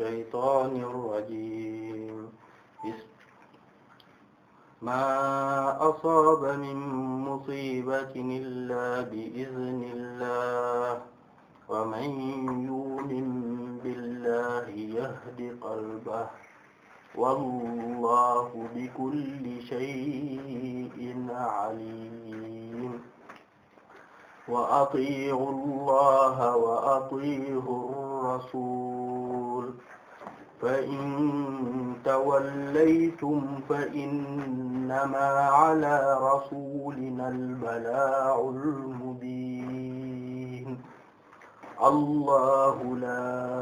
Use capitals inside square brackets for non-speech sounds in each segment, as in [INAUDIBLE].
الشيطان الرجيم ما أصاب من مصيبة إلا بإذن الله ومن يؤمن بالله يهد قلبه والله بكل شيء عليم وأطيعوا الله وأطيعوا الرسول فإن توليتم فإنما على رسولنا البلاغ المبين الله لا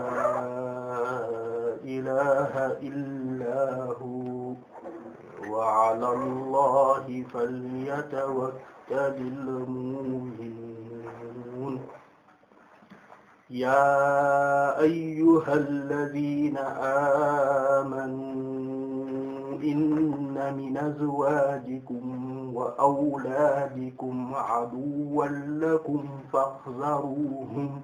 إله إلا هو وعلى الله فليتوكل المؤمنون يا أيها الذين آمنوا إن من أزواجكم وأولادكم عدوا لكم فاحذروهم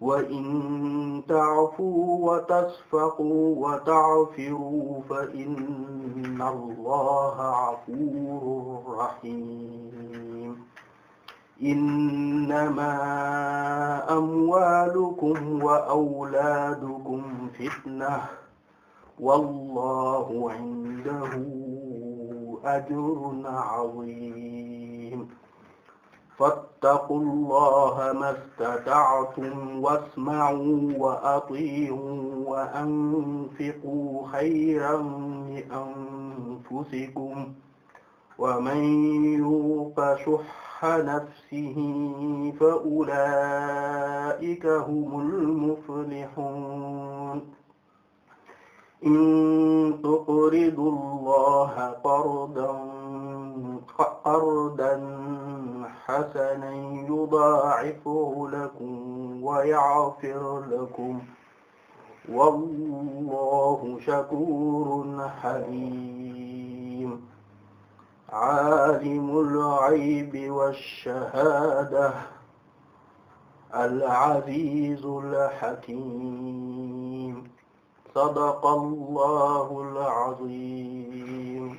وإن تعفوا وتصفقوا وتعفروا فإن الله غفور رحيم إنما أموالكم وأولادكم فتنة والله عنده أجر عظيم فاتقوا الله ما استطعتم واسمعوا وأطيعوا وأنفقوا خيرا لأنفسكم ومن يوق شح nafsihi fa ulaa'ika humul muflihuun in tuqridu llaha qardan qardan hasanan yudaa'ifu lakum wa ya'fir lakum wallahu shakuurun haliim عالم الغيب والشهادة العزيز الحكيم صدق الله العظيم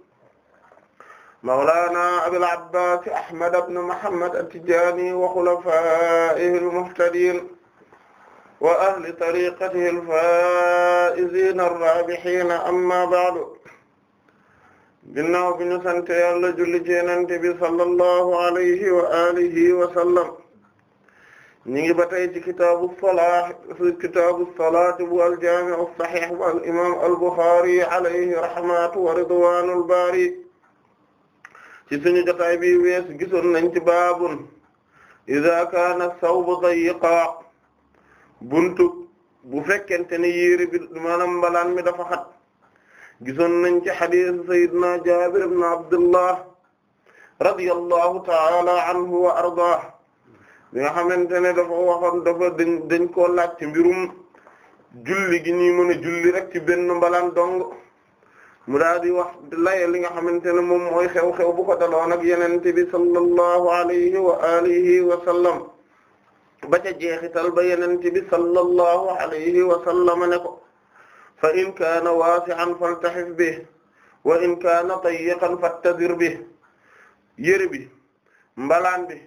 mawlaana abil abbaas ahmad ibn muhammad at-tijaani wa xulafaa'ihi al-muhtadiin wa ahli tariiqatihi al-faa'iziina ar-raabihiina ammaa ba'du ginnaaw bi ñu sant Yàlla julli ci Yonent bi sallallahu alayhi wa aalihi wa sallam ñu ngi ba tey ci kitaabu salaat kitaabu salaat bu al-jaami' as-sahiih bu al-imaam al-Buxaari alayhi rahmatu wa ridwaanul baari ci suñu jotaay bi weesu gisoon nañ ci baabun iza kaana sawbu dayiqa buntu bu fekkente ne yéeri bi maanaam mbalaan mi dafa xat gisoon nañ ci xadiis sayyidina Jaabir ibn Abdullah radiyallahu ta'ala anhu wa ardaah bi nga xamante ne dafa waxoon dafa dañ dañ koo laaj ci mbirum julli gi ñuy mën julli rek ci benn mbalaan dong mu daal di wax lay li nga xamante ne moom mooy xew-xew bu ko daloon ak yenente bi sallallahu alayhi wa alihi wa sallam ba ca jeexital ba yenente bi sallallahu alayhi wa sallam ne ko fa in kaana waasi'an faltaxif bi wa in kaana tayyiqan fattadir bi yëri bi mbalaan bi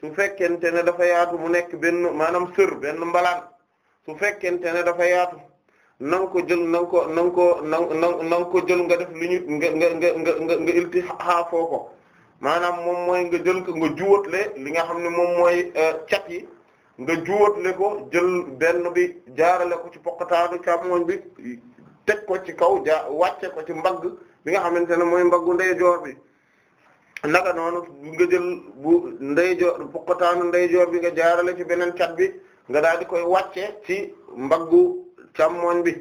su fekkente ne dafa yaatu mu nekk benn maanaam sër benn mbalaan su fekkente ne dafa yaatu nang ko jël na ko na ko na na na ko jël nga def lu ñu nga nga nga nga nga iltixaafoo ko maanaam moom mooy nga jël ko nga juwatle li nga xam ne moom mooy euh, cat yi nga juwatle ko jël benn bi jaarale ko ci poqataanu càmmoñ bi teg ko ci kaw ja wàcce ko ci mbagg bi nga xamante ne mooy mbaggu ndeyjoor bi naka noonu nga jël bu ndeyjoor poqataanu ndeyjoor bi nga jaarale ci beneen cat bi nga daal di koy wàcce ci mbaggu càmmoñ bi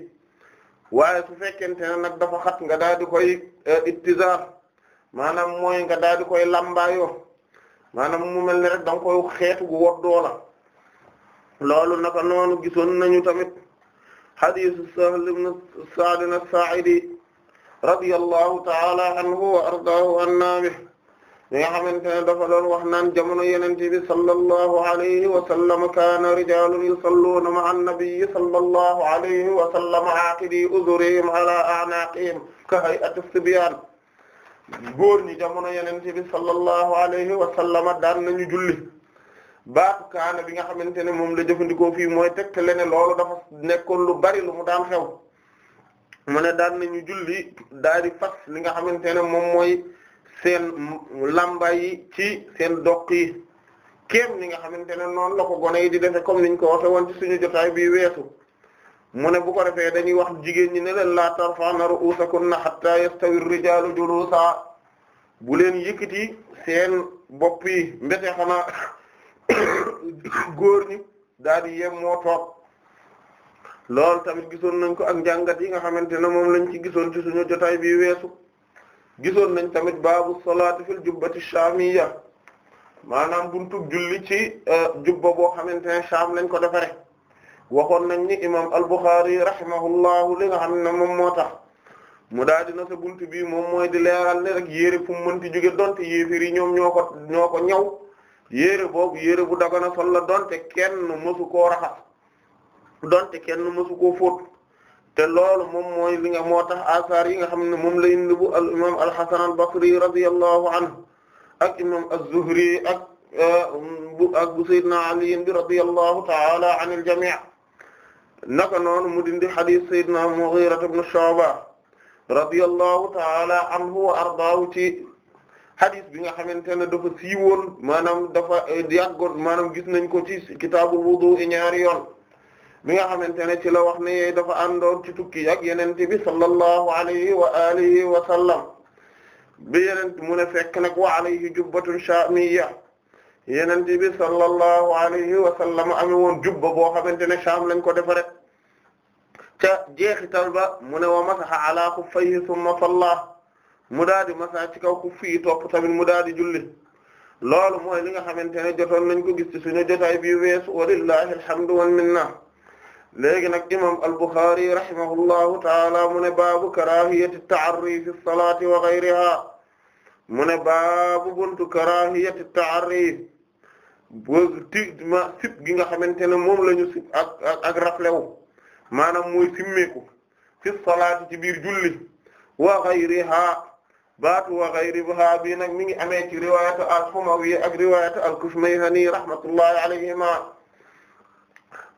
waaye su fekkente ne nag dafa xat nga daal di koy euh, ittizaar maanaam mooy nga daal di koy lambaayoo maanaam mu mel ni rek da nga koy xeetu gu woddoo loolu naka noonu gisoon nañu tamit hadiisu Sahl ibn saaidi radiyallahu ta'ala anhu wa ardaahu an-nabi li nga xamante ne dafa doon wax naan jamono yenente bi sallallahu alayhi wa sallam kaana rijalun yusalluuna ma annabiyi sallallahu alayhi wa sallam uzurihim ala a'naqihim ka hay'ati sibyaan góor ñi jamono yenente sallallahu alayhi wa sallam daan nañu julli baatu kaana bi nga xamante ne moom la jëfandikoo fii mooy tegtale ne loolu dafa nekkoon lu bari lu mu daan xew mu ne daan nañu julli daal di fas li nga xamante ne moom mooy seen lamba yi ci seen doq yi kéem ni nga xamante ne noonu la ko gone yi di defee comme niñ ko waxe woon ci suñu jotaay bii weesu mu ne bu ko defee dañuy wax jigéen ñi ne leen la tarfa'na ru'usakunna hatta yastawi ar-rijalu julusa bu leen yëkkati seen bopp yi mbete xanaa [COUGHS] góor ñi daal di yem moo toog tamit gisoon nañ ko ak njàngat yi nga xamante ne moom lañ ci gisoon ci suñu jotaay bii weesu gisoon nañ tamit baabu salaati fil jubbati shaamiyya maanaam buntu julli ci euh, jubba boo xamante ne Shaam lañ ko defaree waxoon nañ ni imaam al-Bukhari rahimahullahu li nga xam ne moom moo tax mu daal dina sa buntu bii moom mooy di leeral ne rek yére fu mu mënti jóge donte yéefiri ñoom ñoo ko ñoo ko ñaw yére boobu yére bu dagana sol la donte kenn mësu koo raxas donte kenn mësu koo fóot te loolu moom mooy li nga moo tax asaar yi nga xam ne moom la indi bu al imam al-Hasan al-Basri radiyallahu anhu ak imam az-Zuhri ak bu euh, ak bu Seydina Ali bi radiyallahu ta'ala anil jami' naka noonu mu dindi hadith Seydina Mughira ibn Shu'ba radiyallahu ta'ala anhu wa ardaahu ci bi nga xamante ne dafa siiwoon maanaam dafa yàggoon maanaam gis nañ ko ci kitaabul wudu ñaari yoon bi nga xamante ne ci la wax ne dafa àndoon ci tukki ak yeneen bi sallallahu alayhi wa alihi wa sallam bi yeneen mu ne fekk nag wa alayhi jubbatun shamiyya yeneen bi sallallahu alayhi wa sallam amee woon jubba boo xamante ne Sham lañ ko defaree ca jeexital ba mu ne wa masaha ala xuffayhi thumma salla mu daal di masaa ci kaw ku fii topp tamit mu daal di julli loolu mooy li nga xamante ne jotoon nañ ko gis ci suñu jotaay bi weesu walillahi alhamdu wal minna léegi nag imam al-Bukhari rahimahullahu taala mu ne baabu karahiyati taarri fi salaati wa ghayriha mu ne baabu buntu karahiyati taarri bootigma sib gi nga xamante ne moom la ñu sib ak ak ak raflewu maanaam muy simmeeku fi salaati ci biir julli wa ghayriha baatu wa ghayriha bi nag mi ngi amee ci riwayatu al-Humawi ak riwayatu al-Kushmayhani rahmatullahi alayhima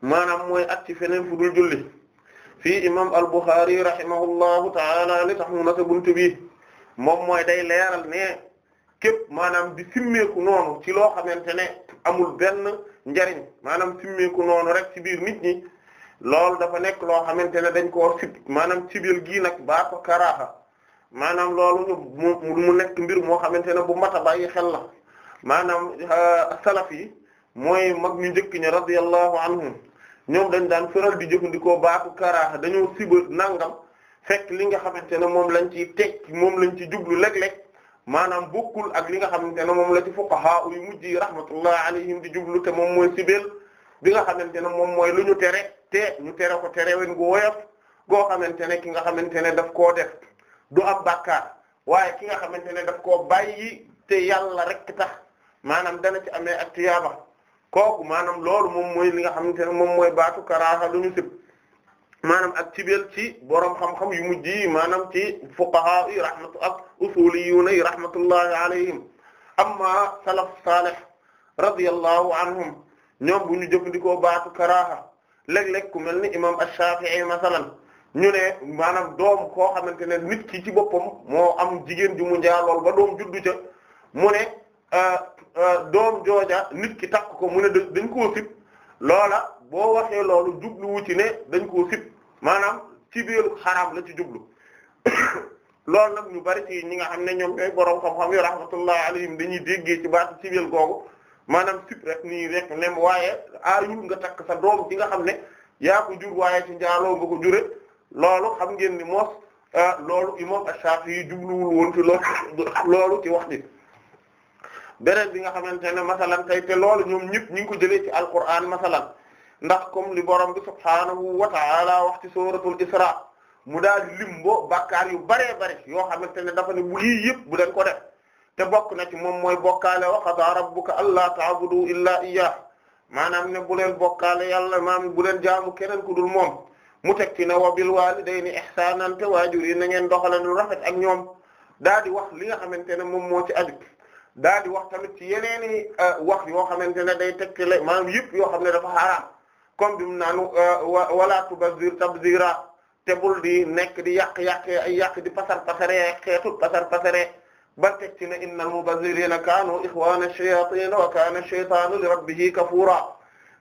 maanaam mooy at ci feneen fu dul julli fii imam al-Bukhari rahimahullahu taala li tax mu nasa buntu bi moom mooy day leeral ne képp maanaam di simmeeku noonu ci loo xamante ne amul benn njariñ maanaam simmeeku noonu rek ci biir nit ñi loolu dafa nekk loo xamante ne dañ koo sib maanaam cibil gii nag baa ko karaaxa maanaam loolu mu nekk mbir moo xamante ne bu mat a bàyyi xel la maanaam euh, salaf yi mooy mag ñu njëkk ñi radiyallahu anhum ñoom dañ daan faral di jëfandikoo baatu karaaxa dañu siba nangam fekk li nga xamante ne moom lañ ci teg moom lañ ci jublu léeg-léeg maanaam bokkul ak li nga xamante ne moom la ci fuqaha yu mujj yi rahmatullah alayhim di jublu te moom mooy sibeel bi xamante ne moom mooy lu ñu tere te ñu tere ko tere wen gu woyof goo xamante ne ki nga xamante ne daf koo def du ab bàkkaar waaye ki nga xamante ne daf koo bàyyi te yàlla rek tax maanaam dana ci amee ak tiyaaba kooku maanaam loolu moom mooy li nga xamante ne moom mooy baatu karaaxa lu ñu sib maanaam ak cibel ci borom xam-xam yu mujj yi maanaam ci fuqaha yi rahmatu ak usuliyuuna yi rahmatullahi alayhim amma salaf salih radiyallahu anhum ñoom bu ñu jëfandikoo baatu karaaxa léeg-léeg ku mel ni imam ash-Shafi'i masalan ñu ne maanaam doom koo xamante ne nit ki ci boppam moo am jigéen ju mu njaalool ba doom juddu ca mu ne Euh, euh, doom jooja nit ki takk ko mu ne dañ koo sib loola boo waxee loolu jubluwu ci ne dañ koo sib maanaam ci biir xaraam la ci jublu [COUGHS] loolu nag ñu bari ci ñi nga xam ne ñoom ñooy borom xam-xam yu rahmatullahi alayhim dañuy déggee baatu ci biir googu maanaam sib rek nii rek nem nga takk sa doom ci nga xam ne yaa ko jur njaaloo nga ko jure loolu xam ngeen ni moos euh, loolu imam Shafi'i yi jubluwul woon loolu ci wax ni beneen bi nga xamante ne masalan tey te lool ñoom ñëpp ñu ngi ko jëlee ci alquran masalan ndax comme li borom bi subhaanahu wa ta'ala wax ci suratul isra mu daal limbo bakkaar yu baree bare yoo xamante ne dafa ne bu yii yëpp bu leen ko def te bokk na ci moom mooy bokkaale wa qadaa rabbuka allaa ta'budu illa iyyah maanaam ne bu leen bokkaale yàlla maam bu leen jaamu keneen ku dul moom mu teg ci ne wa bil waalidayni ihsaanan te waajur yi na ngeen doxalee lu rafet ak ñoom daal di wax li nga xamante ne moom moo ci aju daal di wax tamit ci yeneeni euh, wax yoo xamante ne day tegtale maanaam yëpp yoo xam ne dafa xaraam comme bi mu naan euh, wala tubazir tabzira te bul di nekk di yàq-yàqee ay yàq di pasar pasare xeetu pasar pasare ba teg ci ne innal mubazirina kaanu ixwana shayatin wa kana shaytanu li rabbihi kafura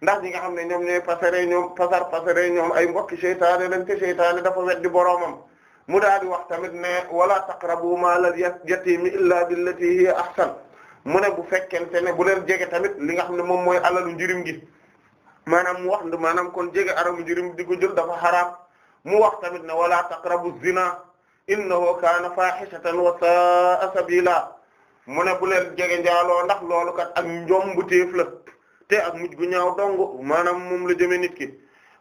ndax ñi nga xam ne ñoom ñooy pasare ñoom pasar pasare ñoom ay mbokki shaytaane lañ te shaytaane dafa weddi boroomam mu daal di wax tamit ne wala taqrabu maalal yatimi illa billati hiya ahsan mu ne bu fekkente ne bu leen jege tamit li nga xam ne moom mooy alalu njirim gi maanaam mu wax maanaam kon jege mu njirim di ko jël dafa xaraam mu wax tamit ne wala taqrabu zina innahu kaana fahishatan wa sa'a sabila mu ne bu leen jege njaaloo ndax loolu kat ak njombu téef la te ak mujj gu ñaaw dong maanaam moom la jëme nit ki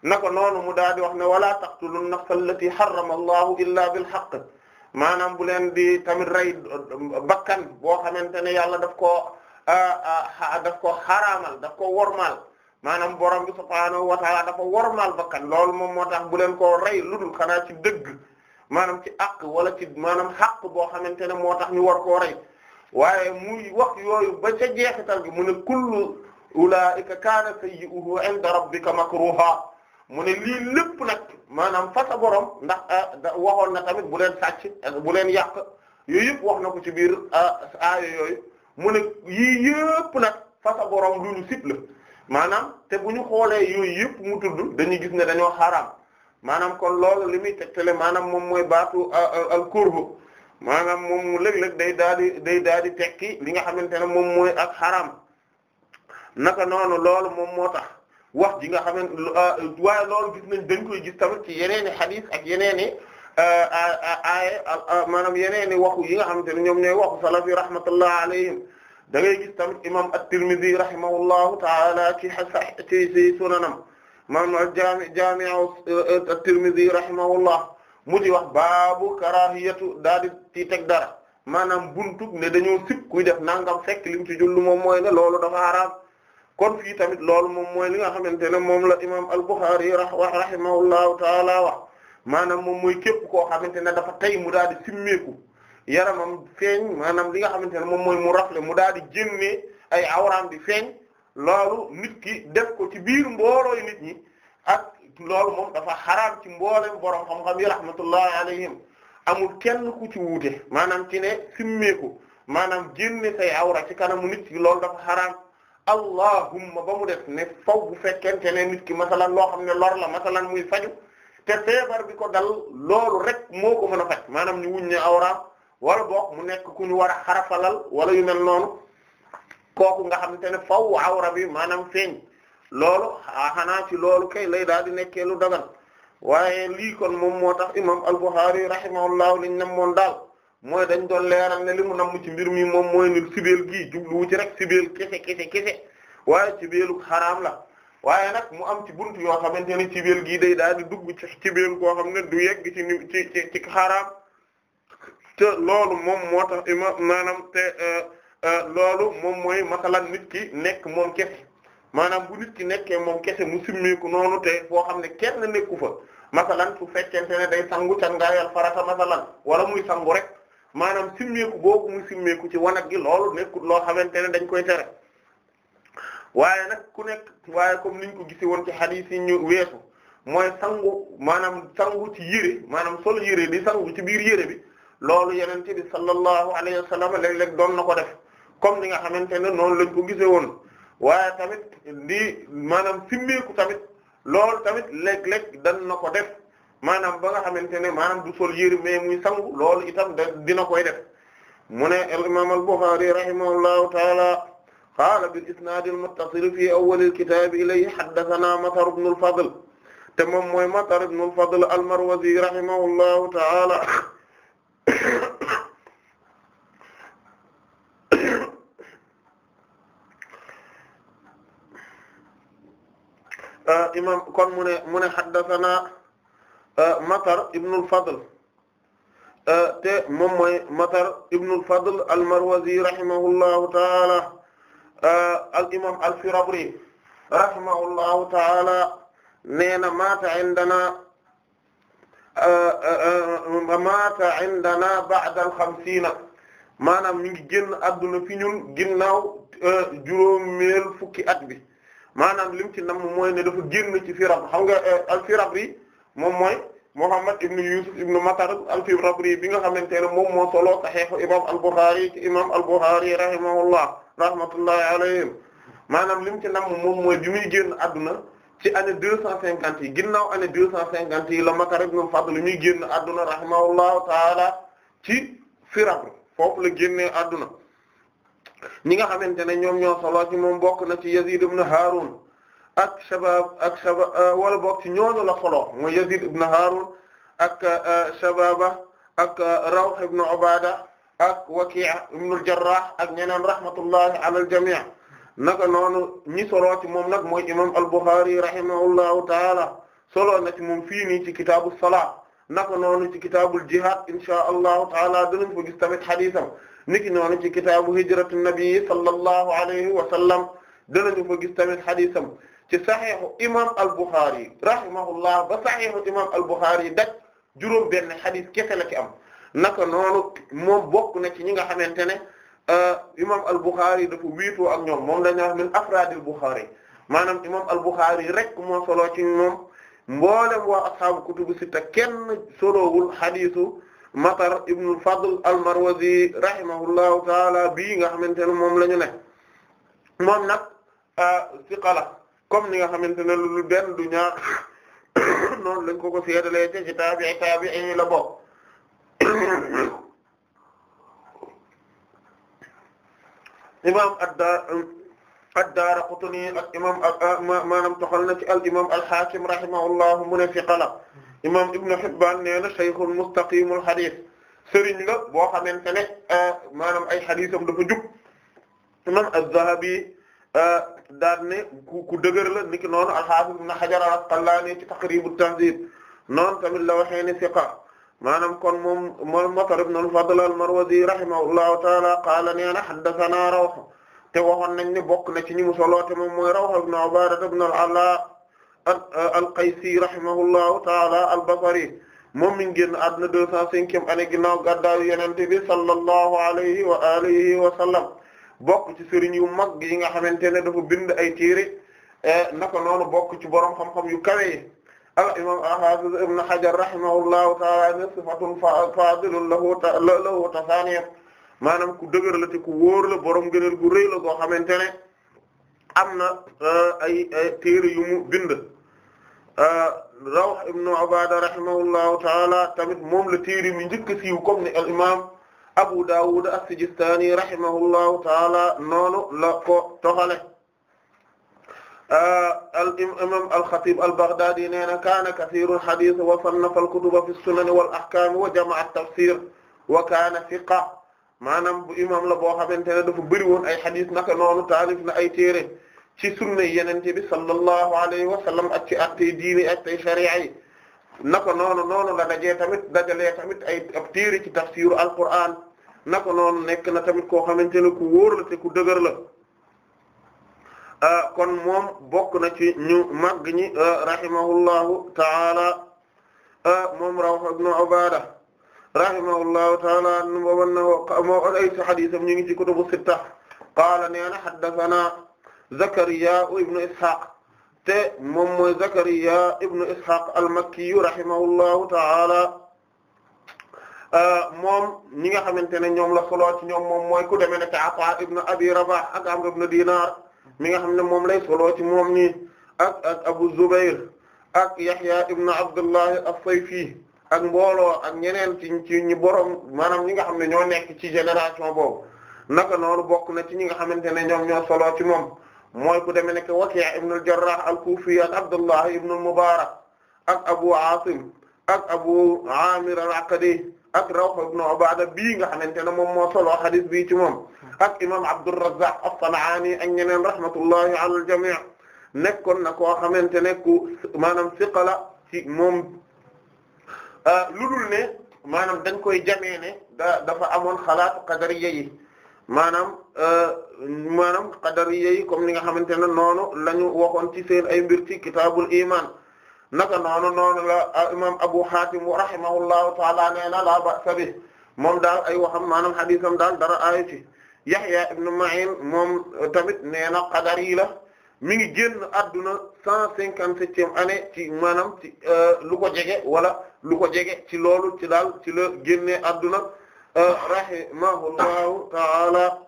naka noonu mu daal di wax ne wala taqtulu nafsa allati harrama allahu illa bil haqq maanaam bu leen di tamit rey bakkan boo xamante ne yàlla daf koo ah, ah, daf ko xaraamal daf ko wormaal maanaam borom bi subhaanahu wa ta'ala dafa wormaal bakkan loolu moom moo tax bu leen koo rey ludul xanaa ci dëgg maanaam ci àq wala ci maanaam xàq boo xamante ne moo tax ñu war koo rey waaye muy wax yooyu ba ca jeexital gi mu ne kullu ulaa'ika kaana sayyi'uhu 'inda rabbika makruha mu ne lii lépp nag maanaam fa sa borom ndax ah, waxoon na tamit bu leen sàcc eh, bu leen yàq yooyu yëpp wax na ko ci biir ah, aaya yooyu mu ne yii yëpp nag fa sa borom lu ñu sib maanaam te bu ñu xoolee yooyu yëpp mu tudd dañuy gis ne dañoo xaaraam maanaam kon lool li muy tegtale maanaam moom mooy baatu ah, al kurbu maanaam moom mu léeg-léeg day daal di day daal di tekki li nga xamante ne moom mooy ak xaram naka noonu loolu moom moo tax wax ji nga xaman ah, waaye loolu gis nañ dañ koy ji tamit ci yeneeni xadiis ak yeneeni ah, ah, aaye maanaam yeneeni waxu yi nga xamante ne ñoom ñooy waxu salaf yi rahmatullah alayhim da ngay gis tamit imam at-Tirmidhi rahimahullahu taala ci ci ci sunanam maanaam jaami jaami'u eh, at-Tirmidhi rahimahullah mu ji wax baabu karahiyatu daal di ci teg dara maanaam buntu ne dañoo sib kuy def nangam fekk li mu ci jullu moom mooy ne loolu dafa xaraam kon fii tamit loolu moom mooy li nga xamante ne moom la imam al-Bukhari ra wax rahimahullahu taala wax maanaam moom mooy képp koo xamante ne dafa tey mu daal di simmeeku yaramam feeñ maanaam li nga xamante ne moom mooy mu rafle mu daal di génnee ay awraam di feeñ loolu nit ki def ko ci biir mboolooy nit ñi ak loolu moom dafa xaraam ci mboolem borom xam-xam yi rahmatullahi alayhim amul kenn ku ci wuute maanaam ci ne simmeeku maanaam génne say awra ci kanamu nit ki loolu dafa allahumma ba mu def ne faw bu fekkente ne nit ki masalan loo xam ne lor la masalan muy faju te feebar bi ko dal loolu rek moo ko mën faj maanaam ñu wuñ ne awra wala boog mu nekk ku ñu war a xarafalal wala yu mel noonu kooku nga xam ne faw awra bi maanaam feeñ loolu ah, xanaa ci loolu kay lay daal di nekkee lu dagan waaye lii kon moom moo tax imam al-Bukhari rahimahullahu liñ nam moon daal mooy dañ doon leeral ne li mu namm ci mbir mi moom mooy ni sibeel gii jubluwu ci rek sibeel kese kese kese waaye sibeelu xaraam la waaye nag mu am ci buntu yoo xamante ne sibeel gii day daal di dugg ci sibeel koo xam ne du yegg ci ci ci ci xaraam te loolu moom moo tax ima maanaam te euh, euh, loolu moom mooy masalan nit ki nekk moom kese bu nit ki nekkee moom kese mu simmeeku noonu te foo xam ne kenn nekku fa masalan su fekkente ne day sangu cangaayal farata masalan wala muy sangu rek maanaam simmeeku boobu muy simmeeku ci wanag gi loolu nekkul loo xamante ne dañ koy tere waaye nag ku nekk waaye comme niñ ko gise woon ci hadith yi ñu weesu mooy sangu maanaam sangu ci yére maanaam sol yére di sangu ci biir yére bi loolu yenente bi sallallahu alayhi wa sallam léeg-léeg doon na ko def comme ni nga xamante ne noonu lañ ko gisee woon waaye tamit di maanaam simmeeku tamit loolu tamit léeg-léeg dan na ko def maanaam ba nga xamante ne maanaam du muy sangu loolu itam dina koy def mu ne al imam al Bukhari rahimahullahu taala qaala bil isnaad al muttasil fi awwal al kitaab ilayhi haddathana Matar ibn al Fadl mooy Matar ibn al Fadl al Marwazi taala kon mu ne mu Euh, Matar ibnul Fadl euh, te moom mooy Matar ibnul Fadl al-Marwazi rahimahullahu taala euh, al imam al-Firabri rahimahullahu taala neena maata indana maata indana ba'da al-xamsiina maanaam mi ngi génn adduna fi ñun ginnaaw juróomeel fukki at bi maanaam lim ci nam mooy ne dafa génn ci firab xam nga al-Firabri moom mooy Muhammad ibn Yusuf ibn Matar al-Fibrabri bi nga xamante ne moom moo solo saxiixu imam al-Bukhari ci imam al-Bukhari rahimahullah rahmatullahi alayhim maanaam lim ci nam moom mooy bi muy génn adduna ci ane deux cent yi ginnaaw année deux cent cinquante yi la Matar ibn Fadl muy génn adduna rahimahullahu taala ci Firabr foofu la génnee adduna ni nga xamante ne ñoom ñoo solo ci moom bokk na ci Yazid ibn Harun ak shabab ak shabab euh, wala boog ci ñooñu la solo mooy Yazid ibn Harun ak euh, euh, Rawh ibn Ubada ak Waki' ibn al-Jarrah ak ñeneen rahmatullahi ala al-jami' naka noonu solo ci moom nag mooy imam al-Bukhari rahimahullahu taala solo na ci moom fii nii ci kitaabu salaat naka noonu ci kitaabul jihad insha allahu taala dinañ ko gis tamit xadisam ci kitaabu hijratu nabi sallallahu alayhi wa sallam dinañu ko gis tamit xadisam ci saxiixu imam al-Bukhari rahimahullah ba saxiixu imam al-Bukhari daj juróom benn xadis kese la ci am naka noonu moom bokk na ci ñi nga xamante ne euh, imam al-Bukhari dafa wiitoo ak ñoom moom dañuy wax min afraadil Bukhari maanaam imam al-Bukhari rek moo solo ci moom mboolem waa ashaabu kutubu sitta kenn solowul xadisu Matar ibn al-Fadl al-Marwazi rahimahullahu taala bii nga xamante ne moom la ñu ne moom nag euh, siqa la comme ni nga xamante ne lu benn du ñaar [COUGHS] noonu lañ ko ko seedalee te la bokk [COUGHS] imam adda ad-Daaraqutni ak imam maanaam toxal na ci al imam al-Haakim mu ne fiqa la imam Ibn Hibbaan nee na shaykhun mustaqiimul hadiis sëriñ la boo xamante ne maanaam ay hadiisam dafa jub imam az-Zahabi daal ne ku ku dëgër la niki noonu al-Hafiz Ibn Hajar al-Asqalani ci Taqrib at-Tahdhib noonu tamit la waxee ne siqa maanaam kon moom moom Matar ibn al-Fadl al-Marwazi rahimahullahu ta'ala qaala nee na haddathana Rawh te waxoon nañ ne bokk na ci ni mu te moom mooy Rawh ibn Ubaada ibn al-Alaa al-Qaysi rahimahullahu ta'ala al-Basri moom mi ngi génn àdduna deux cent cinquième année ginnaaw gàddaayu Yonent bi sallallahu alayhi wa alihi wa sallam bokk ci sëriñ yu mag yi nga xamante ne dafa bind ay téere eh, naka noonu bokk ci borom xam-xam yu kawe yi al imam al-hafiz ibn hajar rahimahullahu ta'ala ne sifatun fadilun lahu lahu tasaniyat maanaam ku dëgër la te ku wóor la borom gënal gu rëy la goo xamante ne am na eh, ay yu mu bind eh, rawh ibn ubada rahimahullahu ta'ala tamit moom la téere mi njëkk siiw comme ni al imam Abu Dawud as-Sijistani rahimahullahu taala noonu la ko toxale ah, al imam al-Khatib al-Baghdadi nee na kaana kathiirul hadiis wa sannafa al-kutuba fi as-sunan wal ahkaam wa jama'a at-tafsiir wa kaana thiqa maanaam bu imam la boo xamante ne dafa bëri woon ay xadis naka noonu taalif na ay téere ci sunna yenente bi sallallahu alayhi wa sallam ak ci attey diini ak tey sharia yi naka noonu noonu la dajee tamit dajalee tamit ay ab téere ci tafsiru alquran naka noonu nekk na tamit ko xamante ne ku wóor la te ku dëgër la ah, kon moom bokk na ci ñu màgg ñi ah, rahimahullahu taala ah, moom Rawh ibn Ubaada rahimahullahu taala nu booban na moo ay hadiisam ñu ngi ci kutubu sitta qaala nee na haddathana Zakariya ibn Ishaq te moom mooy Zakariya ibnu Ishaq al-Makki rahimahullahu ta'ala euh, moom ñi nga xamante ne ñoom la solo ñoom moom mooy ku demee ne te Ata ibnu Abi Rabah ak Amr ibnu Dinar mi nga xam ne moom lay solo ci moom ñi ak ak Abu Zubayr ak Yahya ibnu Abdullah as-Sayfi ak mbooloo ak ñeneen ci ci ñi borom maanaam ñi nga xam ne ñoo nekk ci génération boobu naka noonu bokk na ci ñi nga xamante ne ñoom ñoo solo ci moom. mooy ku demee nekk Waki' ibn al-Jarrah al ak Abdullah ibn al-Mubarak ak Abu Asim ak Abu Amir al-Aqadi ak Rawh ibn Ubaada bii nga xamante ne moom moo solo hadith bii ci moom ak imam Abdurrazzaq as-San'aani ak ñeneen rahmatullahi ala al-jamii' nekkoon na koo xamante ne ku maanaam siqa la ci moom ah, lu dul maanaam dañ koy jamee da dafa amoon xalaatu qadariyya maanaam euh, maanaam qadariya yi comme ni nga xamante ne noonu lañu ñu waxoon ci seen ay mbir ci kitaabul iman naka noonu noonu la imam Abu Hatim rahimahullahu taala nee la ba'sa bi moom daal ay waxam maanaam xadisam daal dara ayu ci Yahya ibn Ma'in moom tamit nee na qadari la mi ngi génn adduna cent cinquante-septième année ci maanaam ci euh, lu ko jege wala lu ko jege ci loolu ci daal ci la génnee adduna rahimahullahu ta'ala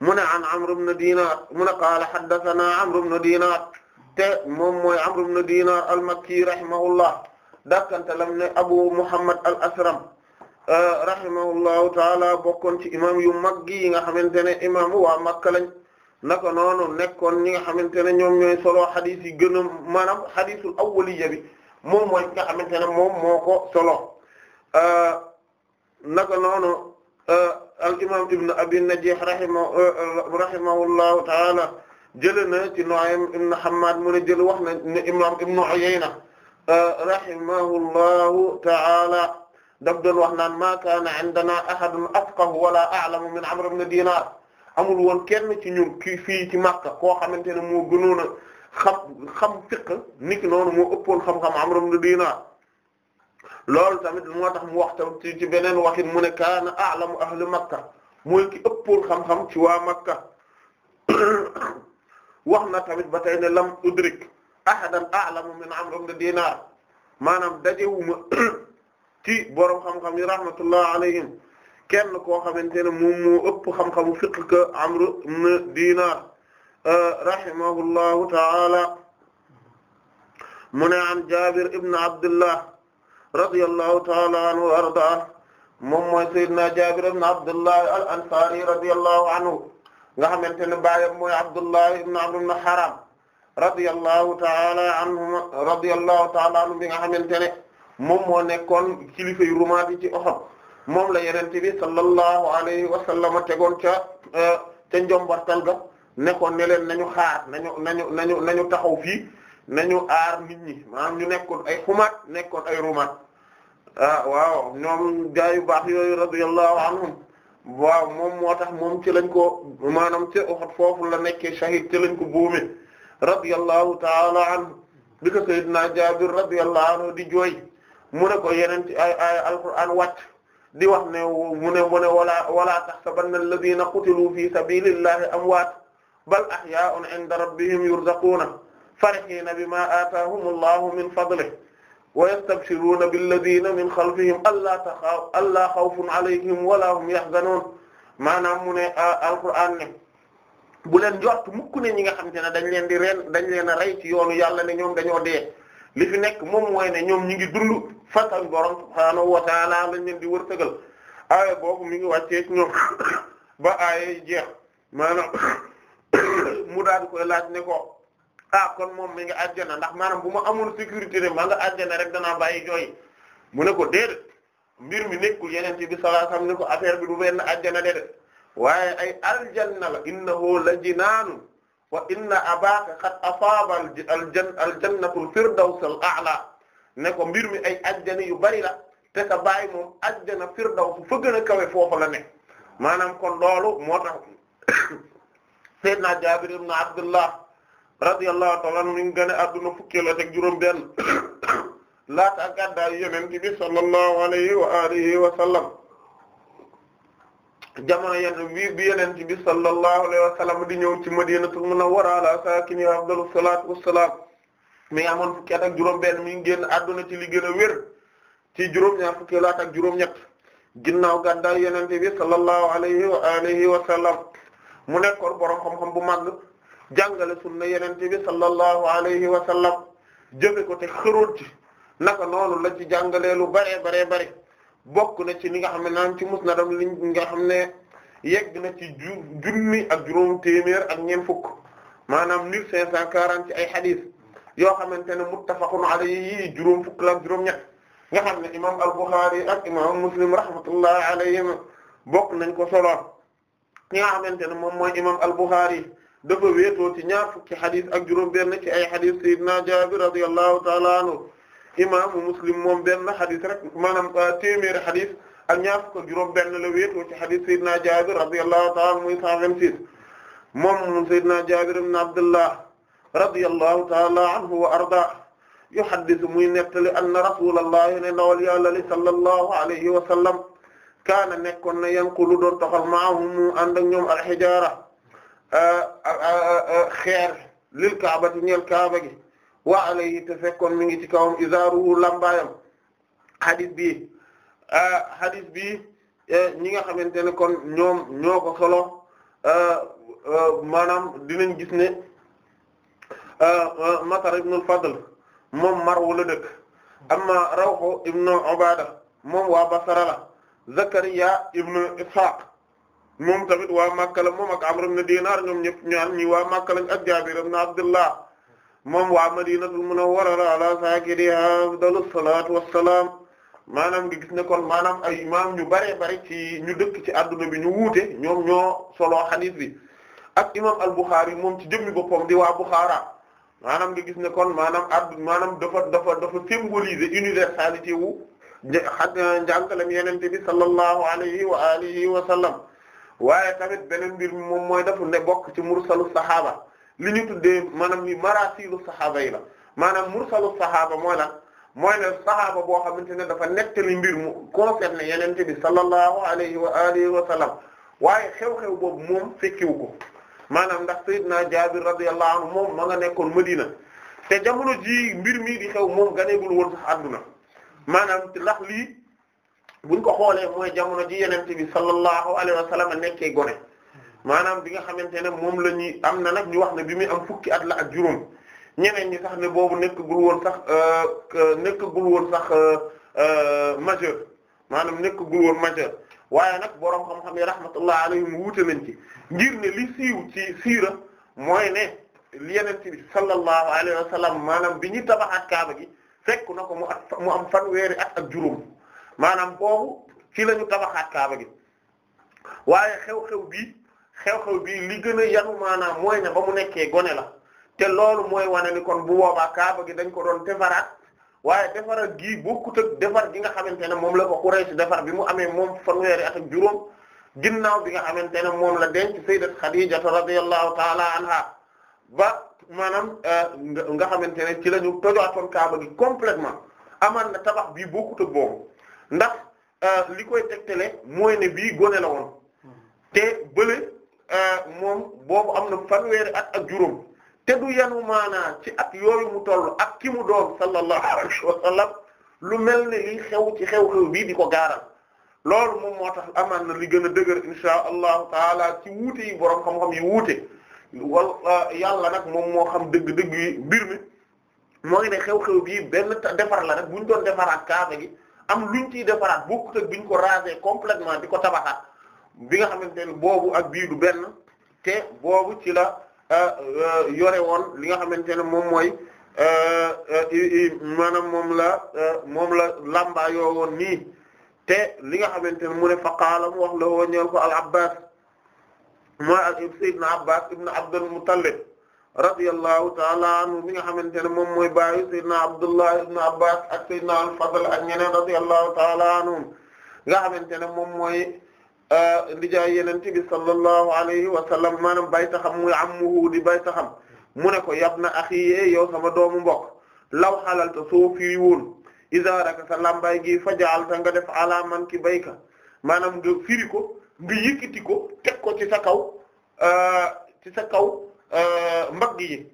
mu ne an Amr ibn Dinar mu ne qaala haddathana Amr ibn Dinar te moom mooy Amr ibn Dinar al-Makki rahimahullah dakkantalam ne Abu Muhammad al-Asram rahimahullahu taala bokkoon ci imam yu maggi yi nga xamante ne imam waa Makka lañ naka noonu ñi nga xamante ne ñoom ñooy solo xadis yi gën a maanaam xadisul awwaliyya bi moom mooy nga xamante ne moom moo solo. naka noonu euh, al imam ibn abi najih rahimahu euh, rahimahullahu taala jële na ci nu'aym ibn hammad mu ne jël wax na imam ibn uyayna euh, rahimahullahu taala daf doon wax naan ma kaana indana ahadun afqahu wala a'lamu min amr ibn dinar amul woon kenn ci ñun kii fii ci Makka koo xamante ne moo gënoon a xam xam fiqh niki noonu moo ëppoon xam-xam amr ibn dinar loolu tamit moo tax mu wax tam ci ci beneen waxin mu ne kaana a'lamu ahli makka mooy ki ëppoon xam-xam ci waa makka [COUGHS] wax na tamit ba tey ne lam udrik ahadan a'lamu min amr ibn dinar maanaam dajewuma [COUGHS] ci borom xam-xam yi rahmatullah alayhim kenn koo xamante ne moom moo ëpp xam-xamu fiqh ka amr ibn dinar euh, rahimahullahu ta'ala mu ne an jabir ibn abdullah radiyallahu ta'ala anhu wa ardaa moom mooy Seydina Jaabir ibn Abdullah al-Ansaari radiyallahu anhu nga xamante ne baayam mooy Abdullah ibn Amr ibn Haram radiyallahu ta'ala anhuma radiyallahu anhu bi nga xamante ne moom moo nekkoon kilifa yu rumaat yi ci Uhud moom la Yonent bi sallallahu alayhi wa tegoon ca euh, ca njombartal ga nekkoon ne leen nañu xaar nañu nañu nañu nañu taxaw fii nañu aar nit ñi maanaam ñu nekkoon ay xumaat nekkoon ay rumaat ah waaw ñoom gaa yu baax yooyu radiyallahu anhum waaw moom moo tax moom ci lañ ko maanaam ci Uhud foofu la nekkee shahid ci lañ ko buume radiyallahu ta'ala anhu bi ko sayyidina Jaabir radiyallahu anhu di jooy mu ne ko yeneen ci ay ay alquran wàcc di wax ne mu ne mu ne walaa walaa tahsabanna alladhina qutilu fi sabilillahi amwaat bal ahyaa'un 'inda rabbihim yurzaquna farihina bima aataahumullahu min fadlihi wa yastabshiruuna billadiina min xalfihim allaa taxaw allaa xawfun alayhim walaa hum yahzanuun maanaam mu ne alquraan ne bu leen jort mukk ne ñi nga xam te ne dañ leen di reen dañ leen a rey ci yoonu yàlla ne ñoom dañoo de li fi nekk moom mooy ne ñoom ñi ngi dund fatal borom subhaanahu wa ta'aala lañ leen di wërtëgal boo boobu mi ngi wàccee ci ñoom [COUGHS] ba aaya jeex maanaam [COUGHS] mu daan koy laaj ne ko ah kon moom mi nga ndax maanaam bu ma amul sécurité ne maa nga rek danaa bàyyi jooy mu ne ko déedéet mbir mi nekkul yenen ci bi ne ko affaire bi du benn àjjana déedéet waaye ay aljanna la innahu la jinaanu wa inna abaka qad afaaba aljan aljannatul firdaws al ne ko mbir mi ay ajjana yu bari la te sa baay moom ajjana firdaws fa gën a kawe foofu la ne maanaam kon loolu moo tax sayyidna [COUGHS] Jaabir ibn Abdullah radiyallahu ta'ala anhu mi ngi gane adduna fukki la teg juróom benn [COUGHS] laata ak gàddaayu yonent bi sallallahu alayhi wa alihi wa sallam jamono yenn bi yeneen yonent bi sallallahu alayhi wa sallam di ñëw ci madinatul munawwara ala saakini afdalu salaatu mi ngi fukki at ak juróom benn mi ngi génn adduna ci li gën a wér ci juróom ñaar fukki laata ak juróom ñett ginnaaw gàddaayu yonent bi sallallahu alayhi wa alihi wa sallam mu nekkoon borom xam-xam bu màgg jàngale sunna yenente bi sallallahu alayhi wa sallam jëfe ko te xëroon ci naka noonu la ci jàngalee lu bare bare bare bokk na ci li nga xam ne naan ci musnadam li nga xam ne yegg na ci ju junni ak juróom téeméer ak ñeent fukk maanaam mille cinq cent quarante ci ay hadith yoo xamante ne muttafaqun alayhi juróom fukk la ak juróom ñett nga xam ne imam al-Bukhari ak imam Muslim rahmatullahi alayhim bokk nañ ko solo ki nga xamante ne moom mooy imam al-Bukhari dafa wéetoo ci ñaar fukki xadis ak juróom benn ci ay xadis sayyidina Jaabir radiyallahu ta'ala anhu imaamu Muslim moom benn xadis rek maanaam euh, téeméeri xadis ak ñaar fukk ak juróom benn la wéetoo ci xadis sayyidina Jaabir radiyallahu ta'ala muy 126 moom sayyidina Jaabir ibn Abdullah radiyallahu ta'ala anhu wa arda yuhaddisu muy nettali anna rasulallahi ne ndawal yàlla li sallallahu alayhi wa sallam kaana nekkoon na yanqulu doon toxal maahum mu ànd ak ñoom al-hijaara xeer lil kaabati ñeel kaaba gi wa alayhi te fekkoon mi ngi ci kawam izaaruhu lambaayam hadith bi hadith bi e, ñi nga xamante ne kon ñoom ñoo ko solo maanaam dinañ gis ne Matar ibn al moom Marw la dëkk amma Rawh ibn Ubaada moom waa Basra Zakariya ibn Ishaq moom tamit waa Makka la moom ak Amr ibn Dinar ñoom ñëpp ñaar ñi waa Makka lañ ak Jaabir ibn Abdullah moom waa Madinatul Munawwara ala saakiniha afdalu salaatu wassalaam maanaam nga gis na kon maanaam ay imaam ñu bare bare ci ñu dëkk ci adduna bi ñu wuute ñoom ño solo xadiis bi ak imaam al-Bukhari moom ci jëmmi boppam di waa Bukhara maanaam nga gis ne kon maanaam addu maanaam dafa dafa dafa symboliser universalité wu njàngaleem Yonent bi sallallahu alayhi wa alihi wa sallam waaye tamit beneen mbir mi moom mooy dafa ne bokk ci mursalu saxaaba li ñu tuddee maanaam ni marasilu saxaaba yi la maanaam mursalu saxaaba mooy lan mooy ne saxaaba boo xamante ne dafa nettali mbir mu concerné yenente bi sallallahu alayhi wa alihi wa sallam waaye xew-xew boobu moom fekkiwu ko maanaam ndax sayyidina Jaabir radiyallahu anhu moom ma nga nekkoon Madina te jamono jii mbir mi di xew moom ganeegul woon sax adduna maanaam ndax lii buñ ko xoolee mooy jamono ji yeneen bi sallallahu alayhi wa sallam nekkee gone maanaam bi nga xamante ne moom la ñuy am na nag ñu wax ne bi muy am fukki at la ak juróom ñeneen ñi sax ne boobu nekkagul woon sax euh, nekkagul woon sax euh, euh, majeur maanaam nekkagul woon majeur waaye nag boroom xam-xam yi rahmatullah alayhim wuute nañ ci ngir ne li siiw ci siira mooy ne yeneen bi sallallahu alayhi wa sallam maanaam bi ñuy tabaxaat kaaba gi fekk na ko mu at mu am fanweeri at ak juróom. maanaam boobu ci la tabaxaat kaaba gi waaye xew-xew bii xew-xew bii li gën a yanu maanaam mooy ne ba mu nekkee gone la te loolu mooy wane ni kon bu boobaa kaaba gi dañ ko doon defaraat waaye defaraat gii bokkut ak defar gi nga xamante ne moom la ko Quraysh defar bi mu amee moom fanweeri at ak ginnaaw bi nga xamante ne moom la denc sayyidat Khadija radiyallahu ta'ala anha ba maanaam eh, nga xamante ne ci lañu ñu tojoatoon kaaba gi completement amaan na tabax bii bokkut ak boobu ndax euh, li koy tegtale mooy ne bii gone la woon te bële euh, moom boobu am na fanweeri at ak juróom te du yanu maanaa ci at yooyu mu toll ak ki mu doon sallallahu alayhi wa sallam lu mel ni li xew ci xew-xew bii di ko gaaral loolu moom moo tax amaan na li gën a dëgër insha allahu taala ci wuute yi borom xam-xam yi wuute wal euh, yàlla nag moom moo xam dëgg-dëgg yi mbir mi moo ngi ne xew-xew bii benn defar la rek bu ñu doon ak kaaba gi. am luñ ciy defaraat bokkut ak biñ ko raser complètement di ko tabaxaat bi nga xamante ne boobu ak bii du benn te boobu ci la euh, euh, yore woon li nga xamante ne moom mooy euh, maanaam moom la moom la lamba yoo woon nii te li nga xamante ne mu ne faqaalam wax la woo ñëw ko al abbas mooy ak sayyidna abbas ibn abdul muttalib radiyallahu ta'ala anhu mi nga xamante ne moom mooy baayu sayyidina Abdullah ibn Abbas ak sayyidina al-Fadl ak ñeneen radiyallahu ta'ala anhum nga xamante ne moom mooy uh, ndijaay Yonent bi sallallahu alayhi wa sallam maanaam bay taxam muy ammuhu di bay taxam mu ne ko yabna axi yow sama doomu mbokk law xalalta soo fii woon isaraka sa lambay gi fajaalta nga def ala man ki bayka maanaam nga firi ko nga yëkkati ko teg ko ci sa kaw uh, ci sa kaw Euh, mbagg yi du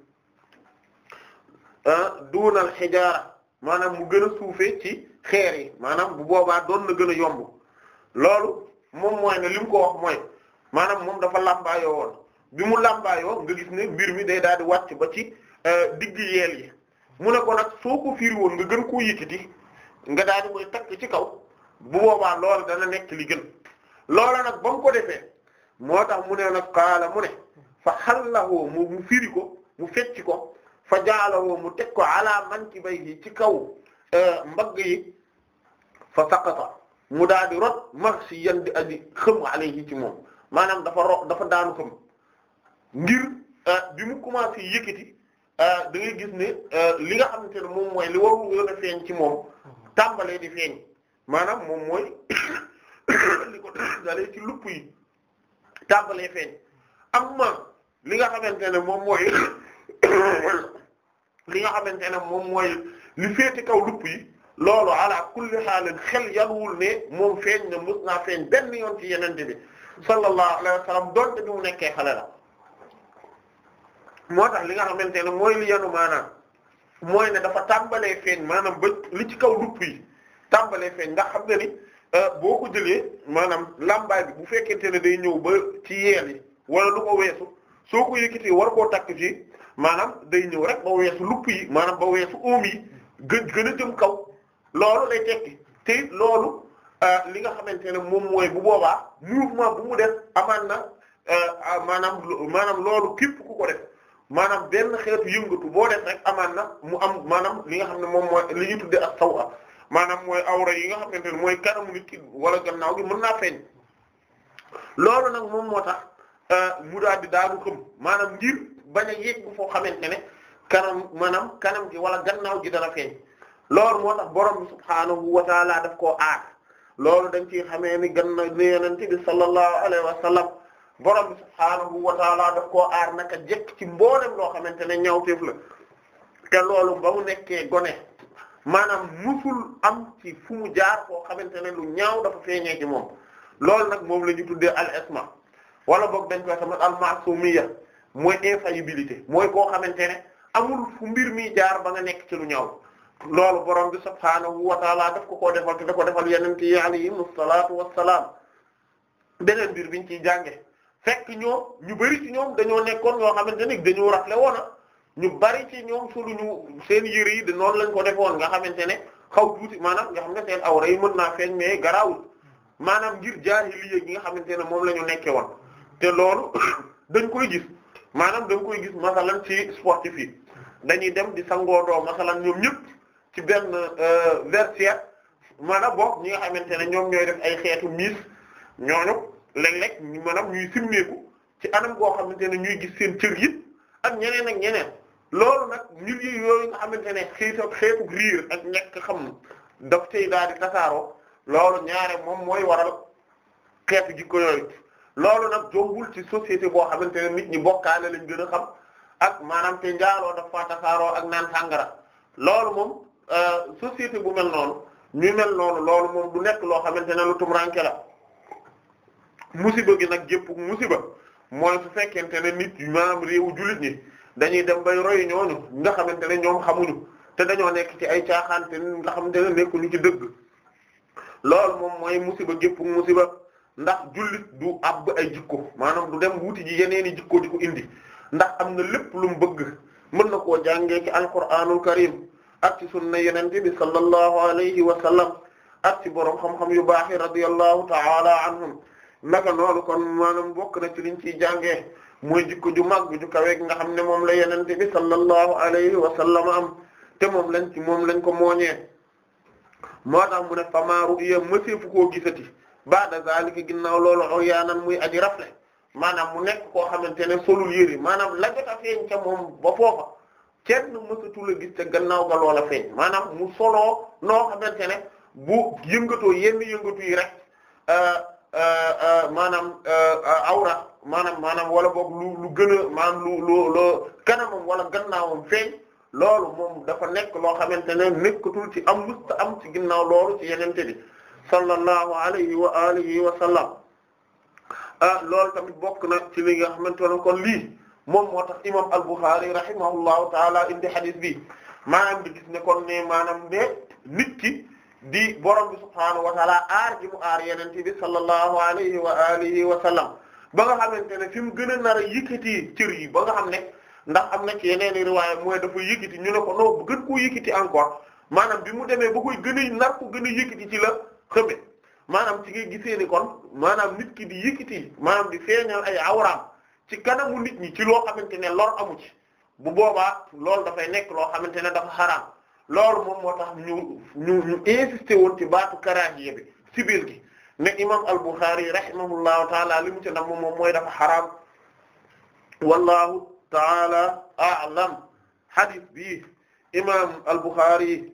euh, duunal xijaara maanaam mu gën a suufee ci xeer yi maanaam bu boobaa doon na gën a yomb loolu moom mooy ne li ko wax mooy maanaam moom dafa làmbaayoo woon bi mu làmbaayoo nga gis ne mbir mi day daal di wàcc ba ci euh, digg yeel yi mu ne ko nag soo ko fiir woon nga gën koo yëkkati nga daal di takk ci kaw bu boobaa loolu dana nekk li gën loola nag ba mu ko defee moo tax mu ne nag kaala mu ne fa xallahoo mu mu firi ko mu fecc ko fa jaalahoo mu teg ko ala mankibayhi ci kaw e, mbagg yi fa saqata mu daal di rot maghshiyan di aji xëm alayhi ci moom maanaam dafa ro daanu xëm ngir e, bi mu commencé yëkkati e, da ngay gis ne li nga xamante ne moom mooy li warul woon a feeñ ci moom tàmbalee di feeñ maanaam moom mooy [COUGHS] li ko [COUGHS] ci lupp yi tàmbalee feeñ am [COUGHS] li nga xamante ne moom mooy li nga xamante ne moom mooy li féeti kaw lupp yi loolu ala kulli xaal xel yanuwul ne moom feeñ na mës naa feeñ benn yoon ci yeneen bi sallallahu alayhi wa sallam doonte bi mu nekkee xale la moo tax li nga xamante ne mooy li yanu maanaam mooy ne dafa tàmbalee feeñ maanaam ba li ci kaw lupp yi tàmbalee feeñ ndax xam nga ni euh, boo ko jëlee maanaam lambaay bi bu fekkente ne day ñëw ba ci yeel yi wala lu ko weesu soo ko yëkkatee war koo takk ci maanaam day ñëw rek ba weesu lupp yi maanaam ba weesu oom yi gën gën a jëm kaw loolu lay tekki te loolu euh, li nga xamante ne moom mooy bu boobaa mouvement bu mu def amaan na euh, maanaam maanaam loolu képp ku ko def maanaam benn xeetu yëngatu boo def rek amaan na mu am maanaam li nga xam ne moom mooy li ñu tuddee ak saw a maanaam mooy awra yi nga xamante ne mooy kanamu nit ki wala gannaaw gi mën naa feeñ loolu nag moom moo tax Euh, mu daal di daagu xëm maanaam ngir bañ a yegg foo xamante ne kanam maanaam kanam gi wala gannaaw gi dana feeñ loolu moo tax borom bi subhaanahu wa taala daf koo aar loolu dañ ciy xamee ni gannaaw ni yonent bi sallallahu alayhi wa sallam borom bi subhaanahu wa taala daf koo aar naka jekk ci mboolem loo xamante ne ñaawteef la te loolu ba mu nekkee gone maanaam musul am ci fu mu jaar foo xamante ne lu ñaaw dafa feeñee ci moom loolu nag moom la ñu tuddee al isma wala boog dañ koy xamal al-ma'sumiyya mooy infaillibilité mooy koo xamante ne amul fu mbir mi jaar ba nga nekk ci lu ñaaw loolu borom bi subhaanahu wa taala daf ko koo defal te da ko defal ki yi alayhimu salaatu wassalaam beneen mbir biñ ciy jànge fekk ñoom ñu bari ci ñoom dañoo nekkoon ñoo xamante ni dañoo rafle woon ñu bari ci ñoom ñu seen yére yi de noonu lañ ko defoon nga xamante ne xaw tuuti maanaam nga xam ne seen awra yi mën naa feeñ mais garaawul maanaam ngir jaahiliya gi nga xamante ne moom la ñu nekke woon te loolu [COUGHS] dañ koy gis maanaam dañ koy gis masalan ci sportif yi dañuy dem di sangoondoo masalan ñoom ñëpp ci benn euh, vestiaire maanaam boog ñi nga xamante ne ñoom ñooy def ay xeetu miis ñooñu léeg-léeg maanaam ñuy simmeeku ci anam goo xamante ne ñuy gis seen cër yi ak ñeneen ak ñeneen loolu nag milieu yooyu nga xamante ne xeetu xeetu riir ak ñàkk xam daf tey daal di tasaaroo loolu ñaare moom mooy waral xeetu jikko yooyu loolu nag jombul ci société boo xamante ne nit ñi bokkaale lañ gën a xam ak maanaam te njaaloo daf fa tasaaroo ak naan sàngara loolu moom euh, société bu mel noonu ñu mel noonu loolu moom du nekk loo xamante ne lu tumuranke la musiba gi nag gépp mooy su fekkente ne nit maanaam réewu jullit ñi dañuy dem bay roy ñooñu nga xamante ne ñoom xamuñu te dañoo nekk ci ay caaxaan te nga xamante ne nekkuñu ci dëgg loolu moom mooy musiba gépp musiba ndax jullit du àbb ay jikko maanaam du dem wuti ji yeneen i jikko di ko indi ndax am na lépp lu mu bëgg mën na ko jàngee ki alquraanul karim ak ci sunna yenente bi sallallahu alayhi wa sallam ak ci boroom xam-xam yu baax yi radiyallahu ta'ala anhum naka noonu kon maanaam bokk na ci liñ ciy jàngee mooy jikko ju mag ju kawe nga xam ne moom la yenente bi sallallahu alayhi wa sallam am te moom lañ moom lañ ko mooñee moo tax mu ne famaaru iya mëseefu koo gisati ba'da zalika ginnaaw loolu uryaanan muy aji rafle maanaam mu nekk koo xamante ne solul yëri maanaam la jot a feeñ ca moom ba foofa kenn mësatul a gis ca gannaaw ga loola feeñ maanaam mu soloo noo xamante ne bu yëngatoo yenn yëngatu yi rek euh, euh, euh, maanaam awra maanaam maanaam wala boog lu lu gën a maanaam lu lu lu kanamam wala gannaawam feeñ loolu moom dafa nekk loo xamante ne nekkatul ci am musta am ci ginnaaw loolu ci yenente bi sallallahu alayhi wa alihi wa sallam a ah, loolu tamit bokk na ci li nga xamante ne kon lii moom moo tax imam al-Bukhari rahimahullahu taala indi hadith bi maanaam di gis ne kon ne maanaam ne nit ki di borom bi subhaanahu wa taala aar ji mu aar yeneen bi sallallahu alayhi wa alihi wa sallam ba nga xamante ne fi mu gën a nar a yëkkati cër yi ba nga xam ne ndax am na ci yeneen riwaaya mooy dafa yëkkati ñu ne ko no gën koo yëkkati encore maanaam bi mu demee ba gën a ko gën a yëkkati ci la xëme maanaam ci gi gisee ni kon maanaam nit ki di yëkkati maanaam di feeñal ay awraam ci kanamu nit ñi ci loo xamante ne lor amu ci bu boobaa loolu dafay nekk loo xamante ne dafa xaraam lool moom moo tax ñu ñu ñu insisté woon ci baatu karaahiya bi ci biir gi ne imam al-Bukhari rahimahullahu taala li mu ci nam moom mooy dafa xaraam wallahu taala a'lam hadith bi imam al-Bukhari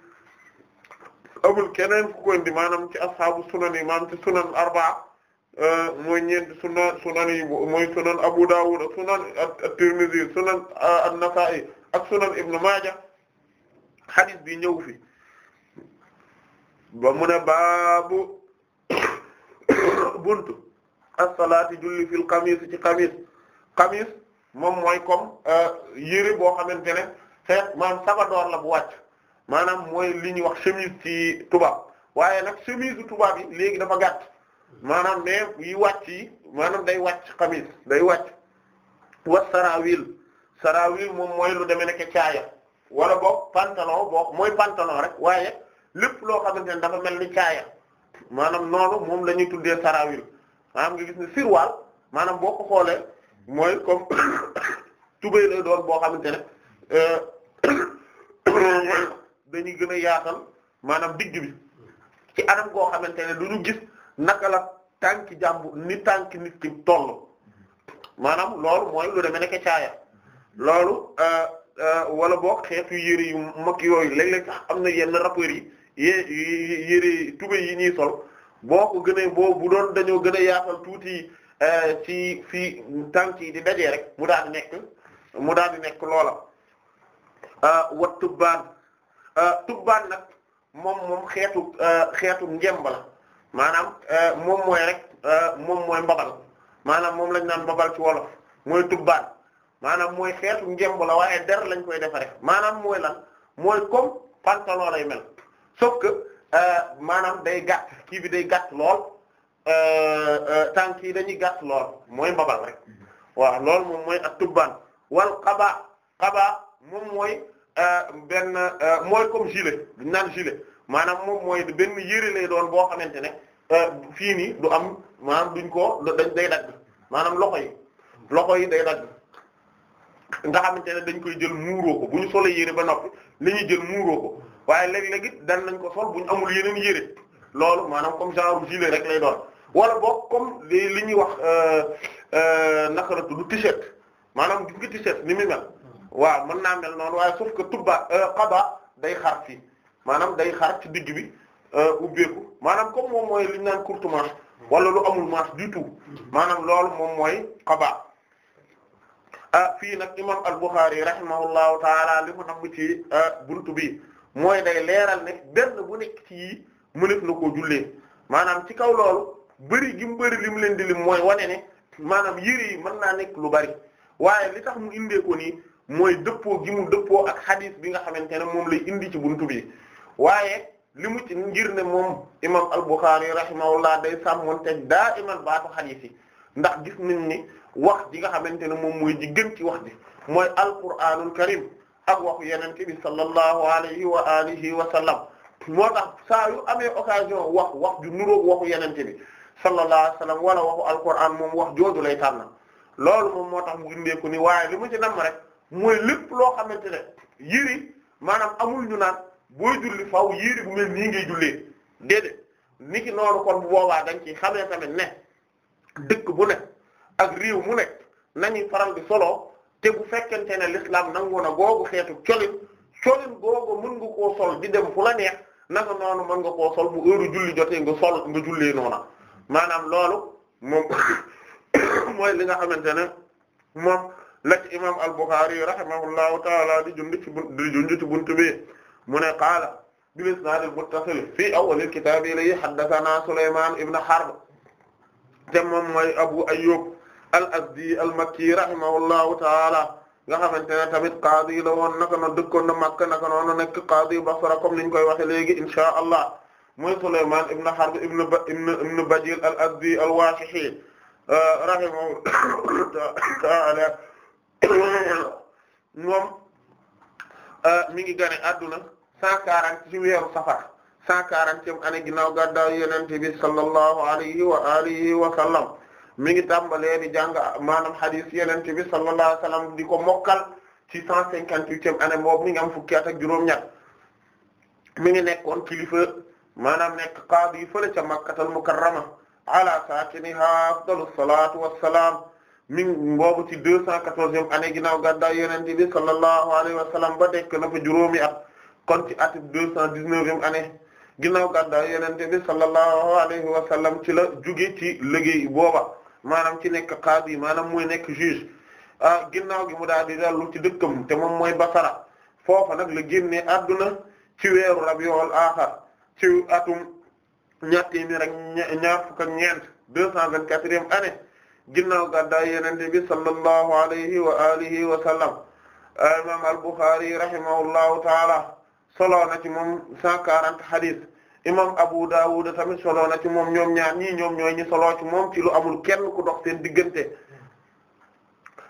awul keneen ku ko indi maanaam ci ashaabu sunan yi maanaam ci sunan euh, mooy ñeent sunan Abu Dawud ak sunan at-Tirmidhi sunan euh, an-Nasa'i ak sunan Maaja hadith bi ñëw fi ba mu ne baabu [COUGHS] buntu as-salaati julli fil qamis ci qamis qamis moom mooy comme euh, yére boo xamante ne xeet maanaam sabadoor la bu wàcc maanaam mooy li ñuy wax chemise ci tubaab waaye nag chemise tubaab yi léegi dafa gàtt maanaam mais yi wàcc yi maanaam day wàcc xamis day wàcc wa sarawil sarawil moom mooy lu demee nekk caaya wala boog pantalon boog mooy pantalon rek waaye lépp loo xamante ne dafa mel ni caaya maanaam noonu moom la ñuy tuddee sarawil maanaam nga gis ne sirwaal maanaam boo ko xoolee mooy comme tubéy doon boo xamante ne dañuy gën a yaatal maanaam digg bi ci anam goo xamante ne du ñu gis naka la tànki jàmb ni tànki nit ki toll maanaam loolu mooy lu demee nekk caaya loolu euh, euh, wala boog xeetu yére yu mag yooyu léeg-léeg sax am na yenn rappeurs yi yé yére tubéy yi ñuy sol boo ko gënee boo bu doon dañoo gën a yaatal tuuti euh, ci fii tànk yi di dajee rek mu daal nekk mu daal di nekk loola wattu baan Euh, tubbaan nag moom moom xeetu euh, xeetu njemba la maanaam euh, moom mooy rek moom mooy mbabal maanaam moom lañ naan mbabal ci wolof mooy tubbaan maanaam mooy xeetu njemb la waaye der lañ koy defare maanaam mooy lan mooy comme pantalon lay mel sauf que maanaam day gàtt kii bi day gàtt lool tànk yi dañuy gàtt lool mooy mbabal rek mm-hmm. waaw loolu moom mooy ak tubbaan wal xaba xaba moom mooy Euh, benn euh, mooy comme gilet du naan gilet maanaam moom mooy benn yëre lay doon boo xamante ne euh, fii nii du am maanaam duñ ko day dagg maanaam loxo yi loxo yi day dagg nga xamante ne dañ koy jël muuroo ko bu ñu solee yëre ba noppi li ñuy jël muuroo ko waaye léeg-léeg it dan nañ ko sol bu ñu amul yeneen yëre loolu maanaam comme genre gilet rek lay doon wala boog comme li ñuy wax naka la tudd t-shirt maanaam gis t-shirt ni muy waaw mën naa mel noonu waaye sauf que tubba qada euh, day xar fii maanaam day xar ci digg bi euh, ubbeeku maanaam comme moom mooy li ñu naan courte manche wala lu amul manche du tout maanaam loolu moom mooy qada ah fii nag imam al-Bukhari rahimahullahu taala li mu nam ci euh, buntu bi mooy day leeral ne benn bu nekk ci yii mënef na koo jullee maanaam ci kaw loolu bëri gi mu bëri li mu leen di lim mooy wane ne maanaam yére yi mën naa nekk lu bari waaye li tax mu indee ko nii mooy dëppoo gi mu dëppoo ak xadis bi nga xamante ne moom lay indi ci buntu bi waaye li mu ci ngir ne moom imam al-Bukhari rahimahullah day sàmmonte daa iman baatu xadis yi ndax gis nañ ni wax ji nga xamante ne moom mooy ji gën ci wax ji mooy alquraanul karim ak waxu yeneen bi sallallahu alayhi wa alihi wa sallam moo tax saa yu amee wax wax ju nuróog waxu yeneen bi sallallahu alayhi wa sallam wala waxu alquraan moom wax jooju lay tànn loolu moom moo tax mu gindeeku ni waaye li mu ci nam rek mooy lépp loo xamante ne yëri maanaam amul ñu naan booy julli faaw yëri bu mel nii ngay jullee déedéet niki noonu kon bu boobaa dañ ci xamee tamit ne dëkk bu ne ak réew mu nekk nañuy faral di solo te bu fekkente ne l'islam nangu na googu xeetu colin colin googu mën nga koo sol di dem fu la neex naka noonu mën nga koo sol bu heure julli jotee nga sol nga jullee noona maanaam loolu moom [COUGHS] mooy li nga xamante ne moom la ci imam al-Bukhari rahimahullahu taala di junj ci di junj ci buntu bi mu ne qaala bil isnaad al-muttasil fii awwal al-kitaab ilayhi haddathanaa Sulaymaan ibn Harb te moom mooy Abu Ayyub al-Azdi al-Makki rahimahullahu taala nga xamante ne tamit qaadi la woon naka noonu dëkkoon na Makka naka noonu nekk qaadi Basra comme niñ koy waxe léegi inshaa Allah mooy Sulaymaan ibn Harb ibn ibn Bajil al-Azdi al-Waashihi rahimahullahu taala [COUGHS] moom euh, mi ngi gane adduna cent quarante ci weeru safar cent quarantième année ginnaaw gàddaaw yenente bi sallallahu alayhi wa alihi wa sallam mi ngi tàmbalee di jàng maanaam hadith yenente bi sallallahu alayhi wa sallam di ko mokkal ci cent cinquante-huitième année boobu mi ngi am fukki at ak juróom-ñaar mi ngi nekkoon kilifa maanaam nekk qaadi fële ca Makkatal Mukarrama ala saakinihaa afdalu salaatu wassalaam mi boobu ci deux cent quatorzième année ginnaaw gàddaay yonent bi sallallahu alayhi wa sallam ba dekk na fa juróomi at kon ci at deux cent dix-neuvième année ginnaaw gàddaay yonent bi sallallahu alayhi wa sallam ci la jóge ci liggéey booba maanaam ci nekk qaadi maanaam muy nekk juge ah ginnaaw gi mu daal di dellu ci dëkkam te moom mooy Basara foofa nag la génnee adduna ci weeru Rabiul Axir ci atum ñaar téeméer ak ñaar ñeent deux cent vingt-quatrième année ginnaaw gàddaay yenente bi sallallahu alayhi wa alihi wa sallam imam al-Bukhari rahimahullahu taala soloo ci moom cent quarante hadis imam Abu Dawud tamit soloo ci moom ñoom ñaar ñii ñoom ñooy ñi ci lu amul kenn ku dox seen diggante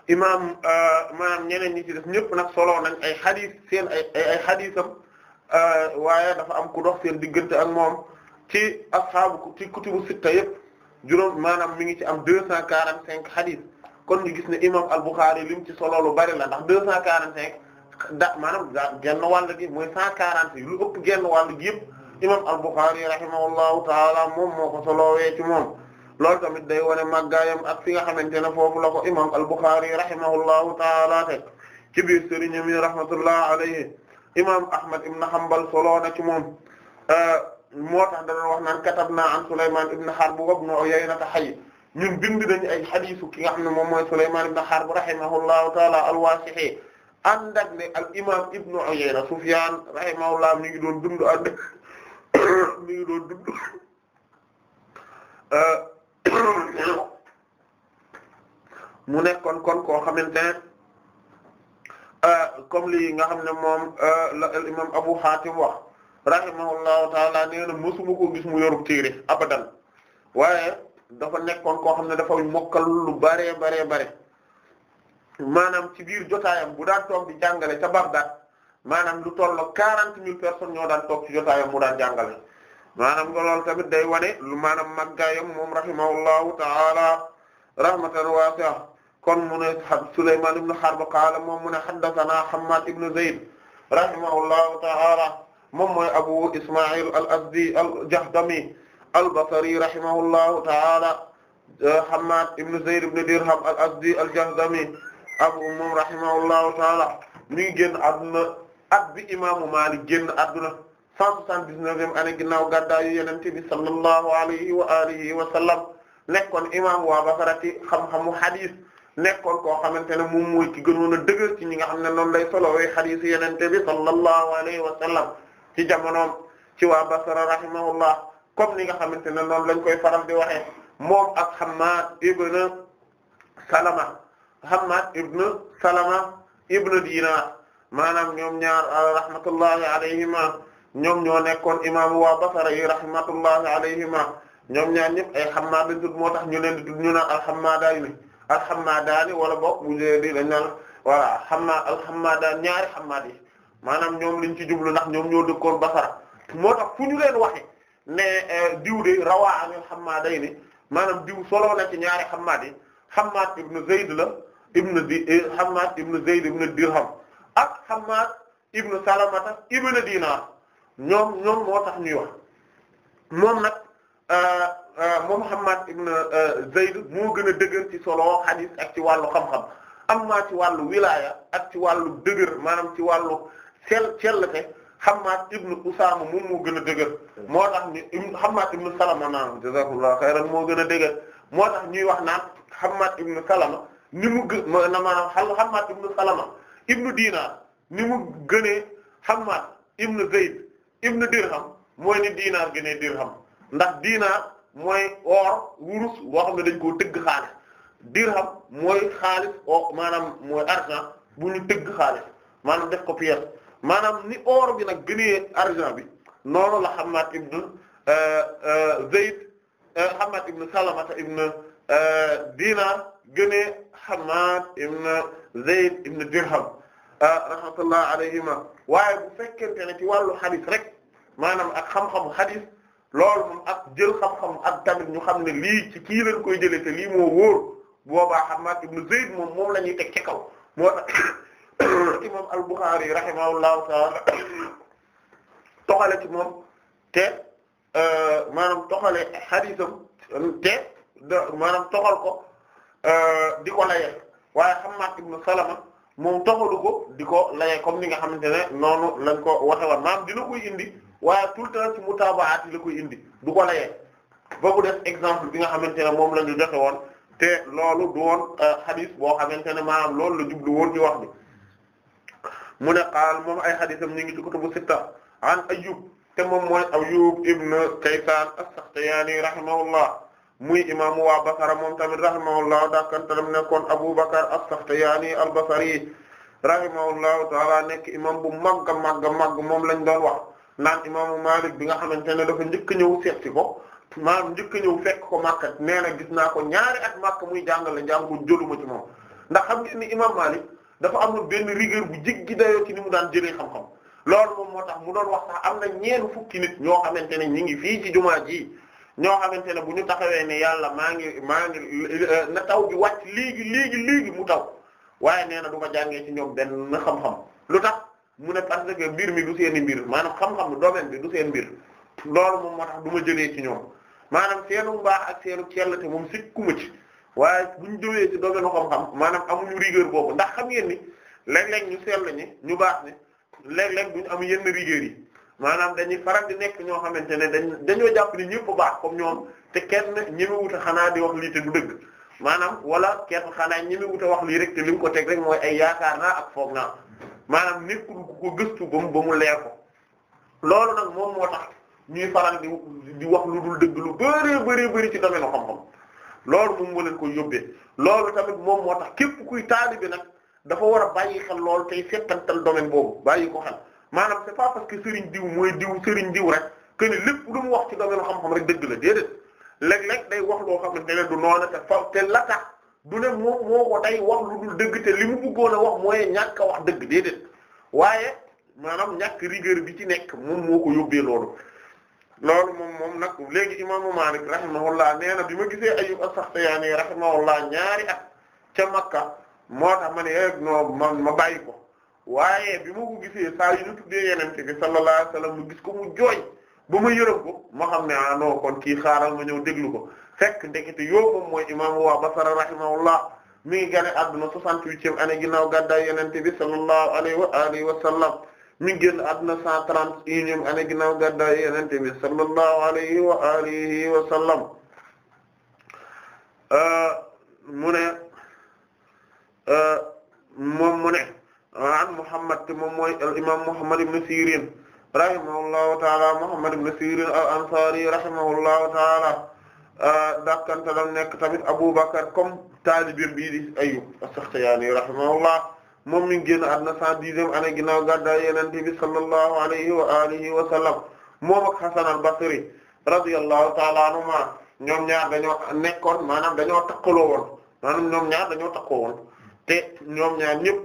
imam euh, ñeneen ñi ci def ñëpp nag soloo ay hadis seen ay ay euh, waaye dafa am ku dox seen diggante ak moom ci ashaabu ci kutubu sitta yëpp juróom maanaam mi ngi ci am deux cent quarante cinq hadith kon ñu gis ne imam al-Bukhari lim ci solo lu bari la ndax deux cent quarante cinq da maanaam genn wàll gi mooy cent quarante lu ëpp genn wàll gi yëpp imam al-Bukhari rahimahullahu taala moom moo ko solowee ci moom loolu tamit day wane màggaayam ak fi nga xamante ne foofu la ko imam al-Bukhari rahimahullahu taala te ci biir sëriñam yi rahmatullah alayhi imam Ahmad ibn Hanbal solo na ci moom moo tax da wax naan katabna an Sulaymaan ibn Harb wa ibn Uyayna hayy ñun bind nañu ay xadiisu ki nga xam ne moom mooy Sulaymaan ibn Harb rahimahullahu taala al-Waasihi ànd ak ne al imaam ibn Uyayna Sufyaan rahimahullah mi ngi doon dund ànd [COUGHS] mi ngi [COUGHS] [COUGHS] mu nekkoon kon koo xamante ne euh, comme lii nga xam ne moom euh, la al imaam Abu Haatim wax rahimahullahu taala nee na mësuma koo gis mu yorub téere abadan waaye dafa nekkoon koo xam ne dafa mokkal lu bare bare bare maanaam ci biir jotaayam bu daan toog di jàngale ca Bagdad maanaam lu tolloo quarante mille personnes ñoo daan toog ci jotaayam mu daan jàngale maanaam loolu tamit day wane lu maanaam màggaayam moom rahimahullahu taala rahmatan wasi'a kon mu ne Sulaymaan ibn Harb qaala moom mu ne haddathana Hammad ibn Zayd rahimahullahu taala moom mooy Abu Isma'il al-Azdi al-Jahdami al-Basri rahimahullahu ta'ala Hammad ibn Zayd ibn Dirham al-Azdi al-Jahdami abu moom rahimahullahu ta'ala mi ngi génn àdduna at bi imaamu Maalik génn àdduna cent soixante-dix-neuvième année ginnaaw gàddaayu Yonent bi sallallahu alayhi wa alihi wa sallam nekkoon imaam waa Basrati xam-xamu hadith nekkoon koo xamante ne moom mooy ki gënoon a dëgër ci ñi nga xam ne noonu lay solowee hadith Yonent bi sallallahu alayhi wa sallam ci jamonoom ci waa Basra rahimahullah comme ni nga xamante ne noonu lañ koy faral di waxee moom ak Hammad ibn Salama Hammad ibn Salama ibn Dinar maanaam ñoom ñaar ah, rahmatullahi alayhima ñoom ñoo nekkoon imaamu waa Basra yi rahmatullahi alayhima ay Hammad lañ moo tax ñu leen di tudd ñu naan al-Hammadani al-Hammadani wala boog bu ñu leen di maanaam ñoom liñ ci jublu ndax ñoom ñoo dëkkoon Basra moo tax fu ñu leen waxe ne eh, diw de rawaa anil Hammaday ni maanaam diw soloo na ci ñaari Hammad yi Hammad ibn Zayd la ibn di eh, Hammad ibn Zayd ibn Dirham ak Hammad ibn Salamata ibn Dinar ñoom ñoom moo tax ñuy wax moom nag eh, moom Hammad ibn Zayd moo gën a dëgër ci solo hadith ak ci wàllu xam-xam amma ci wàllu wilaya ak ci wàllu dëgër maanaam ci wàllu sell sellate Hammaad ibnu Usaama moom moo gën a dëgër moo tax ñu Hammaad ibnu Salama naan jazaakallaahu xayran moo gën a dëgër moo tax ñuy wax naan Hammaad ibnu Salama ni mu gë maanaam Hammaad ibnu Salama ibnu Diinaar ni mu gënee Hammaad ibnu Zayd ibnu Dirham mooy ni Diinaar gënee Dirham ndax Diinaar mooy or wurus boo xam ne dañ koo tëgg xaalis Dirham mooy xaalis o maanaam mooy argent bu ñu tëgg xaalis maanaam def ko pierre. maanaam ni or bi nag gënee argent bi noonu la Hammad ibn euh, euh, Zayd euh, Hammad ibn Salamata ibn Dinar gënee Hammad ibn Zayd ibn Dirham rahmatullah alayhima waaye bu fekkente ne ci wàllu hadith rek maanaam ak xam-xamu hadith loolu ak jël xam ak tamit ñu xam ne lii ci kii lañ koy jëlee te lii moo wóor boobaa Hammad ibn Zayd moom moom la ñuy teg ci kaw [COUGHS] imam al-Bukhari rahimahullahu ta'ala [COUGHS] toxale ci moom te euh, maanaam toxale xadiisam te maanaam toxal ko euh, di ko layee waaye Hammaad ibn Salama moom toxalu ko di ko layee comme ni nga xamante ne noonu lañ ko waxe woon maanaam dina koy indi waaye tout le temps ci mutaabaat yi la koy indi du ko layee ba def exemple bi nga xamante ne moom lañu ñu joxe woon te loolu du woon euh, xadiis boo xamante ne maanaam loolu la jublu woon ñu wax bi mu ne qaal moom ay xadisam ñu ngi ci kutubu sitta an Ayyub te moom mooy Ayyub ibn Kaysaan as-Saxtiyaani rahimahullah muy imaamu waa Basra moom tamit rahimahullah daakantalam nekkoon Abu Bakr as-Saxtiyaani al-Basri rahimahullahu taala nekk imam bu màgg a màgg màgg moom lañ doon wax naan imaamu Maalik bi nga xamante ne dafa njëkk ñëw seet si ko maanaam njëkk ñëw fekk ko Makka nee na gis naa ko ñaari at Makka muy jàngale njàngu jëluma ci moom ndax xam ngeen dafa am amul benn rigueur bu jéggi dayoo ci ni mu daan jëlee xam-xam loolu moom moo tax mu doon wax sax am na ñeen fukki nit ñoo xamante ne ñu ngi fii ci jumaa ji ñoo xamante ne bu ñu taxawee ni yàlla maa ngi maa ngi euh, na taw bi wàcc léegi léegi léegi mu taw waaye nee na du ma jàngee ci ñoom benn xam-xam lu tax mu ne parce que mbir mi du seen i mbir maanaam xam-xam domaine bi du seen mbir loolu moom moo tax du ma jëlee ci ñoom maanaam seenu mbaax ak seenu cellate moom sikkuma ci waaye buñ jëwee ci domaine xam-xam maanaam amuñu rigueur boobu ndax xam ngeen ni léeg-léeg ñu sell ñi ñu baax ni léeg-léeg duñ am yenn rigueur yi maanaam dañuy faral di nekk ñoo xamante ne dañ dañoo jàpp ni ñëpp baax comme ñoom te kenn ñemewuta xanaa di wax lii te dëgg maanaam wala kenn xanaa ñemewuta wax lii rek li mu ko teg rek mooy ay yaakaar naa ak foog naa maanaam nekkul ko gëstu ba ba mu leer ko loolu nag moom moo tax ñuy lu dul dëgg lu bëree bëri bëri ci domaine xam-xam loolu moom moo leen koy yóbbee loolu tamit moom moo tax képp kuy taalibe nag dafa war a bàyyi xel loolu tey settantal domaine boobu bàyyi ko xel maanaam c'est pas parce que sëriñ diw mooy diw sëriñ diw rek que lépp lu mu wax ci domaine xam-xam rek dëgg la déedéet léeg-léeg day wax loo xam ne du noona te fa te la tax du ne moom moo ko day wax lu dul dëgg te li mu bëggoon a wax mooy ñàkk a wax dëgg déedéet waaye maanaam ñàkk rigueur bi ci nekk moom moo ko yóbbee loolu loolu moom moom nag léegi imaamu Maalik rahimahullah nee na bi ma gisee Ayyub as-Saxtiyaani rahimahullah ñaari at ca Makka moo tax ma ne eh non man ma bàyyi ko waaye bi ma ko gisee saa yu ñu tuddee Yonent bi sallallahu alayhi wa sallam mu gis ko mu jooy ba ma yërëm ko ma xam ne ah kon kii xaaral ma ñëw déglu ko fekk ndekete yoo moom mooy imaamu waa Basra rahimahullah mi ngi gane adduna 68e gi ginnaaw gàddaay Yonent bi sallallahu alayhi wa alihi wa sallam. mi ngi génn àdduna cent trente u ñum ané ginnaaw gàddaay yenente bi sallallahu alayhi wa alihi wa sallam euh, mu ne euh, moom mu ne an Muhammad te moom mooy al imam Muhammad ibn Sirin rahimahullahu taala Muhammad ibn Sirin al Ansari rahimahullahu taala euh, dakkantalam nekk tamit Abu Bakr comme taalibim bii di Ayyub as-Sakhtiyani rahimahullah moom mi ngi génn àdduna cent dixième année ginnaaw gàddaay Yonent bi sallallahu alayhi wa alihi wa sallam moom ak Hasan al-Basri radiyallahu ta'ala ñoom ñaar dañoo nekkoon maanaam dañoo takkaloo woon maanaam ñoom ñaar dañoo takkoo woon te ñoom ñaar ñëpp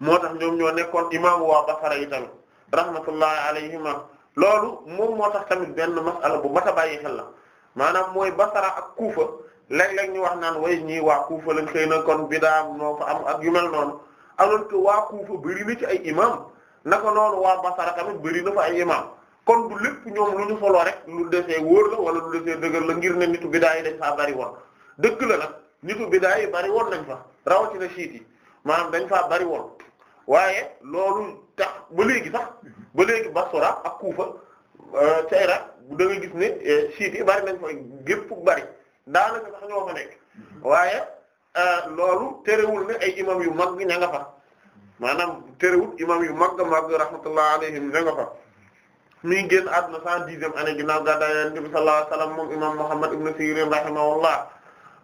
moo tax ñoom ñoo nekkoon imaamu waa Basra yi tamit rahmatullahi alayhima loolu moom moo tax tamit benn masala bu mat a bàyyi xel la maanaam mooy Basra ak kuufa léeg-léeg ñu wax naan way ñii waa Kufa lañ xëy na kon bidaa moo fa am ak yu mel noonu alors que waa Kufa bëri na ci ay imam naka noonu waa Basra tamit bëri na fa ay imam kon du lépp ñoom lu ñu solo rek lu desee wóor la wala lu desee dëgër la ngir ne nitu bidaa yi dañ faa bëri woon dëgg la nag nitu bidaa yi bëri woon nañ fa rawatina siit yi maanaam dañ faa bari woon waaye loolu tax ba léegi sax ba léegi Basra ak Kufa ca euh, Irak da gis ne siit euh, yi bëri nañ fa gépp bëri daanaka sax ñoo fa nekk mm-hmm. waaye euh, loolu terewul ne ay imam yu mag ña nga fa maanaam terewul imam yu mag mag rahmatullah alayhim ña nga fa mi ngi génn àdduna cent dixième année ginnaaw gàddaay Yonent bi sallallahu alayhi wasallam moom imam Muhammad ibn Sirin rahimahullah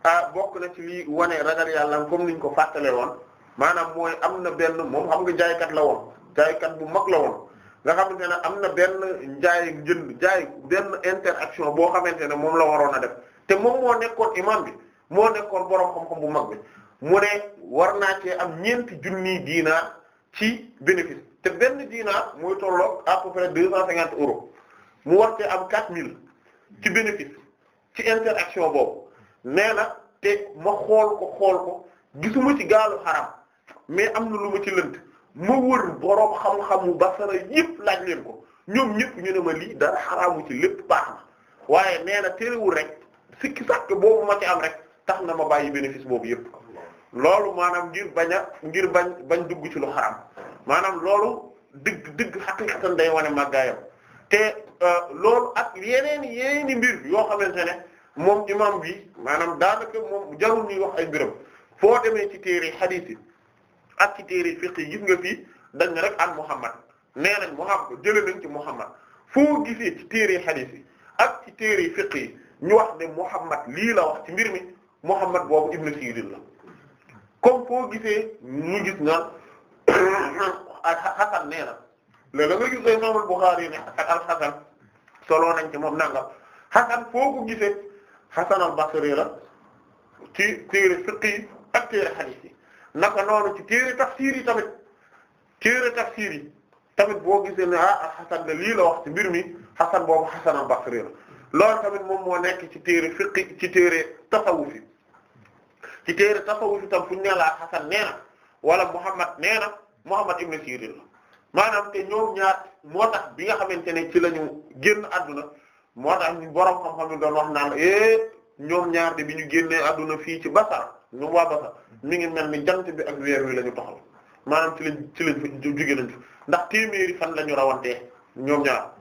ah bokk na ci lii wane ragal yàlla comme niñ ko fàttale woon maanaam mooy am na benn moom xam nga jaaykat la woon jaaykat bu mag la woon nga xamante ne am na benn njaay njënd jaay benn interaction boo xamante ne moom la waroon a def te moom moo nekkoon imam bi moo nekkoon boroom xam-xam bu mag bi mu ne war naa cee am ñeenti junni diinaar ci bénéfice te benn diinaar muy tolloog à peu près deux cent cinquante euros mu war cee am quatre mille ci bénéfice ci interaction boobu nee na te ma xool ko xool ko gisuma ci gaalu xaram mais am na lu ma ci lënt ma wër borom xam-xamu xam basara yëpp laaj leen ko ñoom ñëpp ñu ne ma lii dara xaraamu ci lépp baax na waaye nee na terewul rek sikki sàkk boobu ma ci am rek tax na ma bàyyi bénéfice boobu yëpp loolu maanaam ngir bañ a ngir bañ bañ dugg ci lu xaram maanaam loolu dëgg dëgg xaqiqatan day wane màggaayam te euh, loolu ak yeneen yeneeni mbir yoo xamante ne moom imam bi maanaam daanaka moom jarul ñuy wax ay mbiram foo demee ci téere hadith yi ak ci téere fiqh yi nga fii dañ ne rek an Muhammad nee nañ Muhammad jëlee nañ ci Muhammad foo gisee ci téere hadith yi ak ci téere fiqh yi ñu wax ne Muhammad lii la wax mbir mi Muhammad boobu Ibn Sirin la comme foo ñu gis naan [COUGHS] Hasan nee na la nga gis ay Imam Bukhari ne ak al-Hasan soloo nañ ci moom nangam Hasan foo ko Hasan al-Basri la ci téere fiqh yi ak téere hadith yi naka noonu ci téere tafsir tamit téere tafsir tamit boo gisee ni ah Hasan la lii la wax ci mi Hasan boobu Hasan al-Basri loolu tamit moom moo nekk ci téere fiqh ci téere tasawuf yi ci téere tasawuf yi tam fu ñu ne la Hasan nee wala Muhammad nee na Muhammad ibn Sirin la maanaam te ñoom ñaar moo tax bi nga xamante ne ci lañu ñu génn àdduna moo tax ñu borom xam-xam yi doon wax naan eh ñoom ñaar de bi ñu génnee àdduna fii ci Basra ñoom waa Basra mi ngi mel ni jant bi ak weer wi lañu ñu toxal maanaam ci lañ ci lañ fa jóge nañ ndax téeméeri fan la ñu rawantee ñoom ñaar.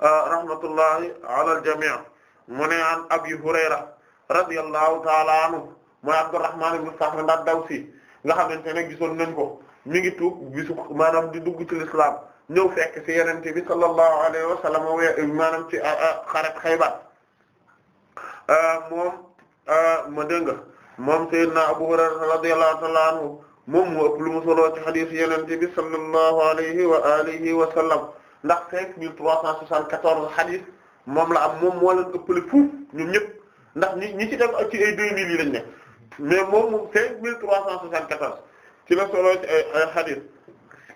Ah, rahmatullahi ala al-jamii' mu ne an Abi Hurayra radiyallahu ta'ala anhu mooy Abdurrahman ibn Sakhr ad-Dawsi nga xamante ne gisoon nañ ko mi ngi tuub bisu di dugg ci l'islam ñëw fekk ci Yonent bi sallallahu alayhi wa sallam ah, ah, moom ma dégg nga moom Seydina Abu Hurayra radiyallahu ta'ala anhu moom mu ëpp solo ci hadith Yonent bi sallallahu alayhi wa alihi ndax 5374 hadith moom la am moom moo leen ëppale fuuf ñun ñëpp ndax ñi ñi ci def ak ci ay 2000 yi lañ ne mais moom moom 5374 ci la solo ci ay ay hadith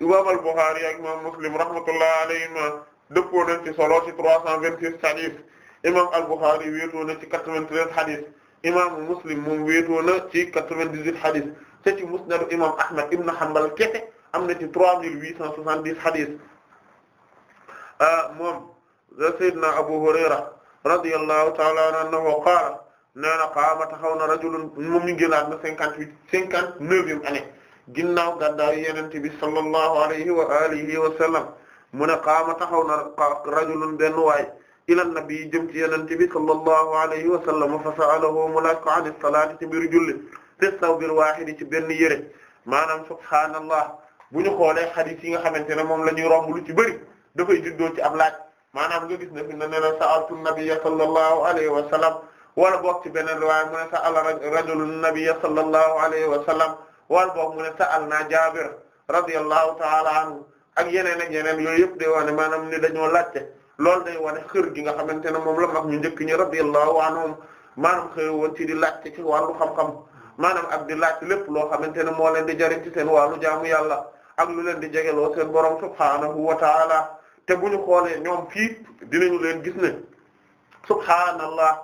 imam al-Bukhari ak imam Muslim rahmatullah alayhima dëppoo nañ ci solo ci 326 hadith imam al-Bukhari wéetoo na ci 93 hadith imam Muslim moom wéetoo na ci 98 hadith te ci musnad imam Ahmad ibn Hanbal kete am na ci 3870 hadith Ah, moom sayyidina Abu Hurayra radiyallahu ta'ala anhu qaala nee na qaama taxaw na rajulun moom ñu génnaat na cinquante huit cinquante neuvième année ginnaaw gàddaayu Yonent bi sallallahu alayhi wa alihi wa sallam mu ne qaama taxaw na rajulun benn waay ila nabi jëm ci Yonent bi sallallahu alayhi wa sallam fa sa'alahu mu laaj ko an salaati ci mbiru julli fi sawbil waahid ci benn yére maanaam subhaanallah bu ñu xoolee xadiis yi nga xamante ne moom la ñuy romb lu ci bëri. dafay juddoo ci ab laaj maanaam nga gis ne fi ne ne la sa'altu nabiyya sallallahu alayhi wa sallam wala boog ci beneen riwaaya mu ne sa'ala rajulun nabiyya sallallahu alayhi wa sallam wala boog mu ne sa'alna Jaabir radiyallahu ta'ala anhu ak yeneen ak yeneen yooyu yëpp day wane maanaam ni dañoo laajte loolu day wane kër gi nga xamante ne moom la mag ñu njëkk ñi radiyallahu anhum maanaam xëy woon ci di laajte ci wàllu xam-xam maanaam ak di laajte lépp loo xamante ne moo leen di jariñ ci seen wàllu jaamu yàlla ak lu leen di jegeloo seen borom subhaanahu wa ta'ala te bu ñu xoolee ñoom fii dinañu leen gis ne subhaanallah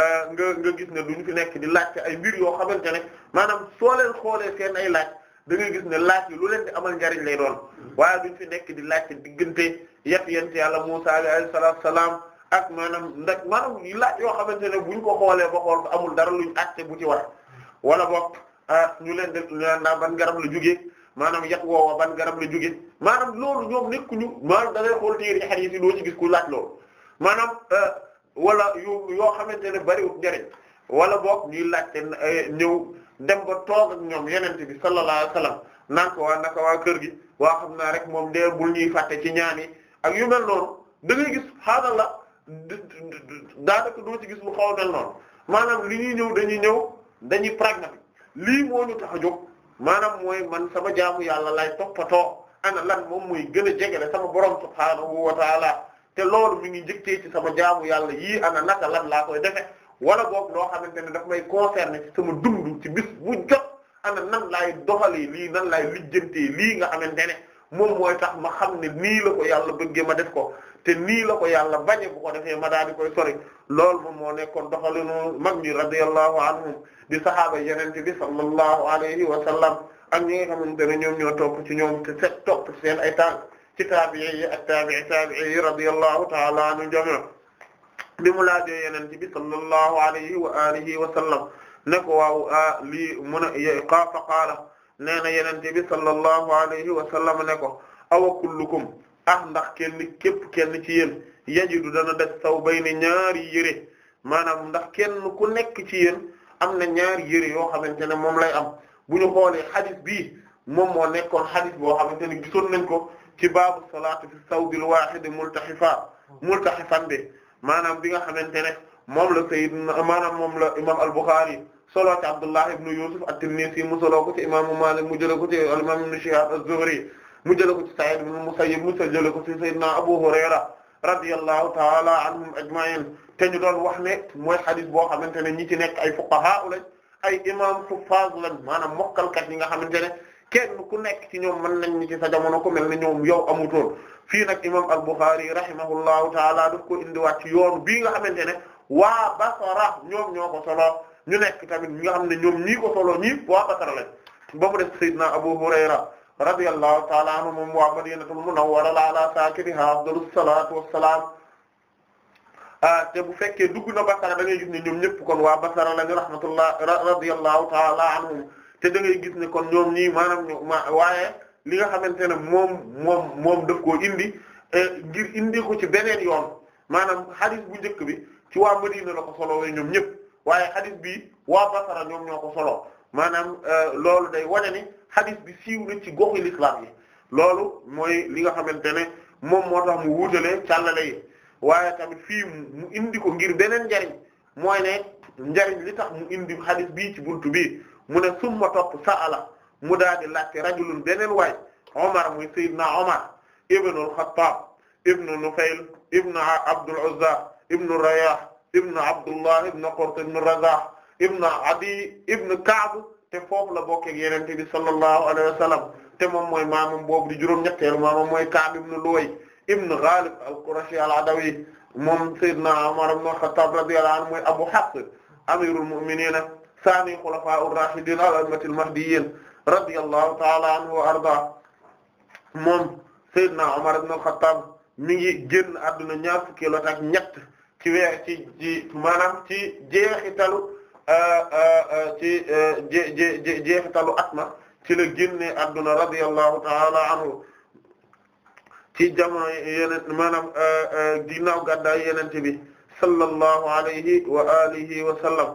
euh, nga nga gis ne ñu fi nekk di laaj laajte ay mbir yoo xamante ne maanaam soo xoolee seen ay laaj da gis ne laaj yi lu leen di amal njariñ lay doon waaye duñ fi nekk di laajte diggante yat yent yàlla Musa alayhi salaatu salaam ak maanaam ndax maanaam laaj yoo xamante ne buñ ko xoolee ba xool ba amul dara lu luñ àtte bu ci war wala boog euh, ñu leen di naan ban garab la jógee. maanaam yat woowa ban garab la jóge maanaam loolu ñoom nekkuñu maanaam da ngay xool téere hadith yi doo ci gis ku laaj loolu maanaam euh, walla yu yoo xamante ne bariwul njëriñ wala boog ñuy laajte euh, ñëw dem ba toog ak ñoom yenente bi sallallahu alayhi naan ko waa naka waa kër gi waa xam naa rek moom dee bul ñuy fàtte ci ñaan yi ak yu mel noonu da ngay gis xaaral la daanaka doo ci gis lu xaw mel noonu maanaam li ñuy ñëw dañuy ñëw dañuy pragmatique lii moo ñu tax a jóg maanaam mooy man sama jaamu yàlla lay toppatoo ana lan moom muy gën a jegele sama borom subhaanahu wa taala te loolu mi ngi njëkkee ci sama jaamu yàlla yii ana naka lan laa koy defe wala boog loo xamante ne daf may concerner ci sama dund ci bis bu jot ana nan laay doxalee lii nan laay lijjantee lii nga xamante ne moom mooy tax ma xam ne nii la ko yàlla bëggee ma def ko te nii la ko yàlla bañe bu ko defee ma daal di koy sori loolu moom moo nekkoon doxalinu mag ñi radiyallahu anhum di sahaaba yenente bi sallallahu alayhi wa sallam ak ñi nga xamante ne ñoom ño topp ci ñoom te set topp seen ay tànk ci taabi'i yi ak taabi'i taabi'i yi radiyallahu ta'ala anhu jami' bi mu laa laajoo yenente bi sallallahu alayhi wa alihi wa sallam ne ko waaw lii mun a fa qaala nee na yenente bi sallallahu alayhi wa sallam ne ko awa kullukum ah ndax kenn képp kenn ci yéen yajidu dana def taw bay ne ñaari yére maanaam ndax kenn ku nekk ci yéen am na ñaari yére yoo xamante ne moom lay am bu ñu xoolee xadis bi moom moo nekkoon xadis boo xamante ne gisoon nañ ko ci baabu salaatu fi sawbil waahid multaxifa multaxifan bi maanaam bi nga xamante ne moom la sayyidna maanaam moom la imam al-Bukhari solo ci Abdullah ibn Yusuf at-Tinnisi mu solo ko ci imaamu Malik mu jëlee ko ci al-imam ibn Shihab az-Zuhri mu jëlee ko ci Sa'id ibn Musayyib mu jëlee ko ci Sayyidina Abu Hurayra radiyallahu ta'ala anhum ajma'in te ñu doon wax ne mooy xadis boo xamante ne ñi ci nekk ay fuqaha lañ ay imam huffaz lañ maanaam mokkalkat yi nga xamante ne kenn ku nekk ci ñoom mën nañ ñi ci sa jamono ko mel ne ñoom yow amutoon fii nag imam al-Bukhari rahimahullahu ta'ala daf ko indiwaat ci yoon bii nga xamante ne waa Basra ñoom ñoo ko solo ñu nekk tamit ñu nga xam ne ñoom ñii ko solo ñii waa Basra lañ ba mu def Seydina Abu Hurayra radiyallahu ta'ala anhu moom waa Madinatul Munawwara ala saakinihaa afdalus salaatu wassalaam ah, te bu fekkee dugg na Basra da ngay gis ne ñoom ñëpp kon waa Basra lañu rahmatullah radiyallahu ta'ala anhum te da gis ne kon ñoom ñii maanaam ñoom waaye li nga xamante ne moom moom moom daf koo indi eh, ngir indi ko ci beneen yoon maanaam hadith bu njëkk bi ci waa Madina la ko solowee ñoom ñëpp. waaye hadith bi waa Basra ñoom ñoo ko solo maanaam euh, loolu day wane ni bi siiw na ci goxu l'islam yi loolu mooy li nga xamante ne moom moo tax mu wuutale càllale yi waaye tamit fii mu indi ko ngir beneen njariñ mooy ne njariñ li tax mu indi hadith bii ci buntu bi mu ne summa topp sa'ala mu daal di laajte rajulun beneen waay Omar muy Seydina Omar ibnul Khattab ibnu Nufayl ibnu Abdul Uzza ibnu Rayah ibn Abdullah ibn Qurt ibn Razah ibn Adi ibn Ka'b te foofu la bokk ak Yonent bi sallallahu alayhi wa sallam te moom mooy maamam boobu di juróom-ñetteelu maamam mooy Ka'b ibn Luway ibn Ghalib al-Qurashi al-Adawi moom Seydina Umar ibn al-Khattab radiyallahu anhu mooy Abu Hafs amirul mu'minin sani khulafa'ur rashidin al-a'immatil mahdiyyin radiyallahu ta'ala anhu wa arda moom Seydina Umar ibn al-Khattab mi ngi génn àdduna ñaar fukki at ak ñett ci weer ci ci maanaam ci jeexitalu euh, euh, euh, ci je jeexitalu atma ci la génne adduna radiyallahu ta'ala anhu ci jamono yeneen maanaam ginnaaw gàddaay yenente bi sallallahu alayhi wa alihi wa sallam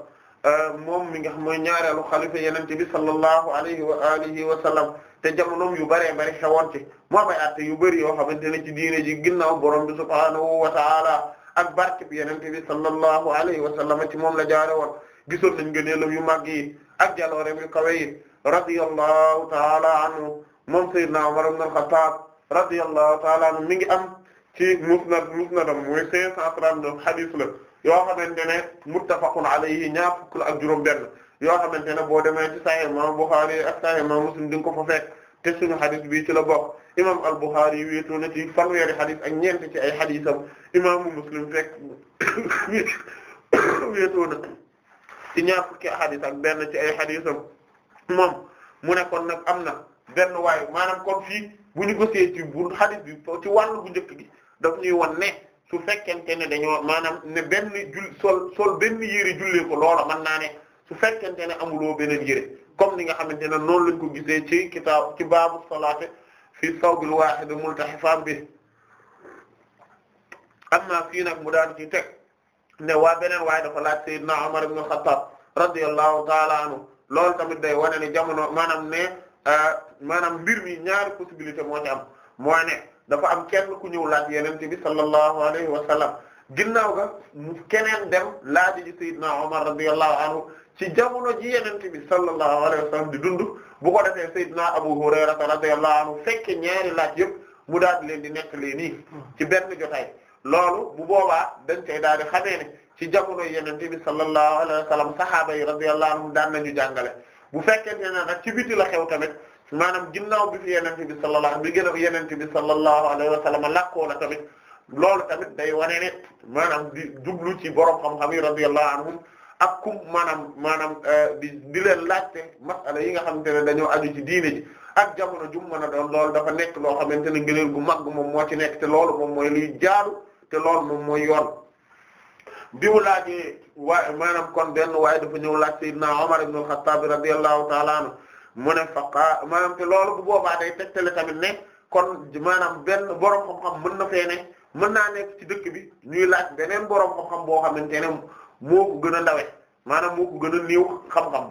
moom mi nga xam mooy ñaareelu xalifa yenente bi sallallahu alayhi wa alihi wa sallam te jamonoom yu bare bëri xewoon ci moo bay atte yu bëri yoo xamante ne ci diine ji ginnaaw borom bi subhaanahu wa ta'ala ak barke bi yenente bi sallallahu alayhi wa sallam ci moom la jaare woon gisoon nañ ngëneelam yu màgg yi ak jaloorem yu kawe yi radiyallahu taala anhu moom sayyidna Umar ibn al-Khattab radiyallahu taala anhu mi ngi am ci musnad musnadam mooy cinq cent trente-neuf hadith la yoo xamante ne muttafaqun alayhi ñaar fukk la ak juróom benn yoo xamante ne boo demee ci Sahih Imam Bukhari ak Sahih Imam Muslim di ko fa fekk te suñu xadis bi ci la bokk imam al-Bukhari y wéetoo na ci fanweeri xadis ak ñeent ci ay xadisam imaamu Muslim fekk [COUGHS] wéetoo na ci ñaar fukki xadis ak benn ci ay xadisam moom mu ne kon nag am na benn waayu maanaam kon fii bu ñu gosee ci bu xadis bi ci wàllu bu njëkk gi daf ñuy wan ne su fekkente ne dañoo maanaam ne benn jul sol sol benn yére jullee ko loola mën naa ne su fekkente ne amuloo beneen yére comme ni nga xamante ne noonu lañ ko gisee ci kitaab ci baabu salaate fi sawbil waahid multahifan bi am naa fii nag mu daan ci ne waa beneen waaye dafa laaj sayyidna Umar ibn Khattab radiyallahu ta'ala anhu loolu tamit day wane ne jamono maanaam ne euh, maanaam mbir mi ñaari possibilité moo ci am mooy dafa am kenn ku ñëw laaj yenente bi sallallahu alayhi wa sallam ginnaaw ga mu keneen dem laaj ji sayyidna Umar radiyallahu anhu ci jamono ji yenente bi sallallahu alayhi wa sallam di dund bu ko defee sayyidina Abu Hurayra radiyallahu anhu fekke ñaari laaj yëpp mu daal di leen nekk leen nii ci benn jotaay loolu bu boobaa dañ koy daal di xamee ne ci jamono yenente bi sallallahu alayhi wa sallam sahaaba yi radiyallahu anhum daan nañu jàngale bu fekkente ne nag ci biti la xew tamit maanaam ginnaaw bi fi yenente bi sallallahu bi gën a yenente bi sallallahu alayhi wa sallam lakkoo la tamit loolu tamit day wane ne maanaam di jublu ci borom xam-xam yi radiyallahu ak kum maanaam maanaam euh, di di leen laajte masala yi nga xamante ne dañoo aju ci diine ji ak jamono jum mën a doon loolu dafa nekk loo xamante ne ngëneel gu mag moom moo ci nekk te loolu moom mooy luy jaaru te loolu moom mooy yoon bi mu laajee waaye maanaam kon benn waaye dafa ñëw laaj Seydina Omar ibn al-Khattab radiyallahu ta'ala anhu mu ne faqa maanaam te loolu bu boobaa te tegtale tamit ne kon maanaam benn borom xam-xam mën na fee mën naa nekk ci dëkk bi ñuy laaj beneen borom xam-xam boo xamante ne moo gën a ndawe maanaam moo ko gën a néew xam-xam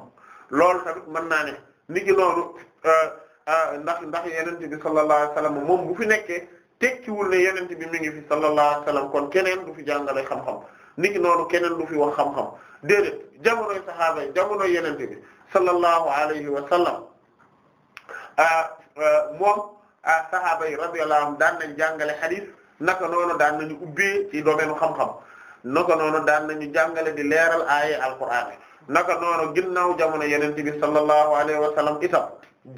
loolu tamit mën naa ne ni ki loolu euh, euh, ndax ndax yenente bi sallallahu alayhi wasallam moom bu fi nekkee teg tekkiwul ne yenente bi mi ngi fi sallallahu alayhi wasallam kon keneen du fi jàngale xam-xam ni noonu keneen du fi wax xam-xam déedéet jamonoy sahaaba yi jamonoy yenente bi sallallahu alayhi wasallam euh, moom sahaaba yi radiyallahu anhum daan nañ jàngale hadith naka noonu daan nañu ubbee ci domaine xam-xam naka noonu daan nañu jàngale di leeral aaye alquraan naka noonu ginnaaw jamono yonent bi sallallahu alayhi wa sallam itam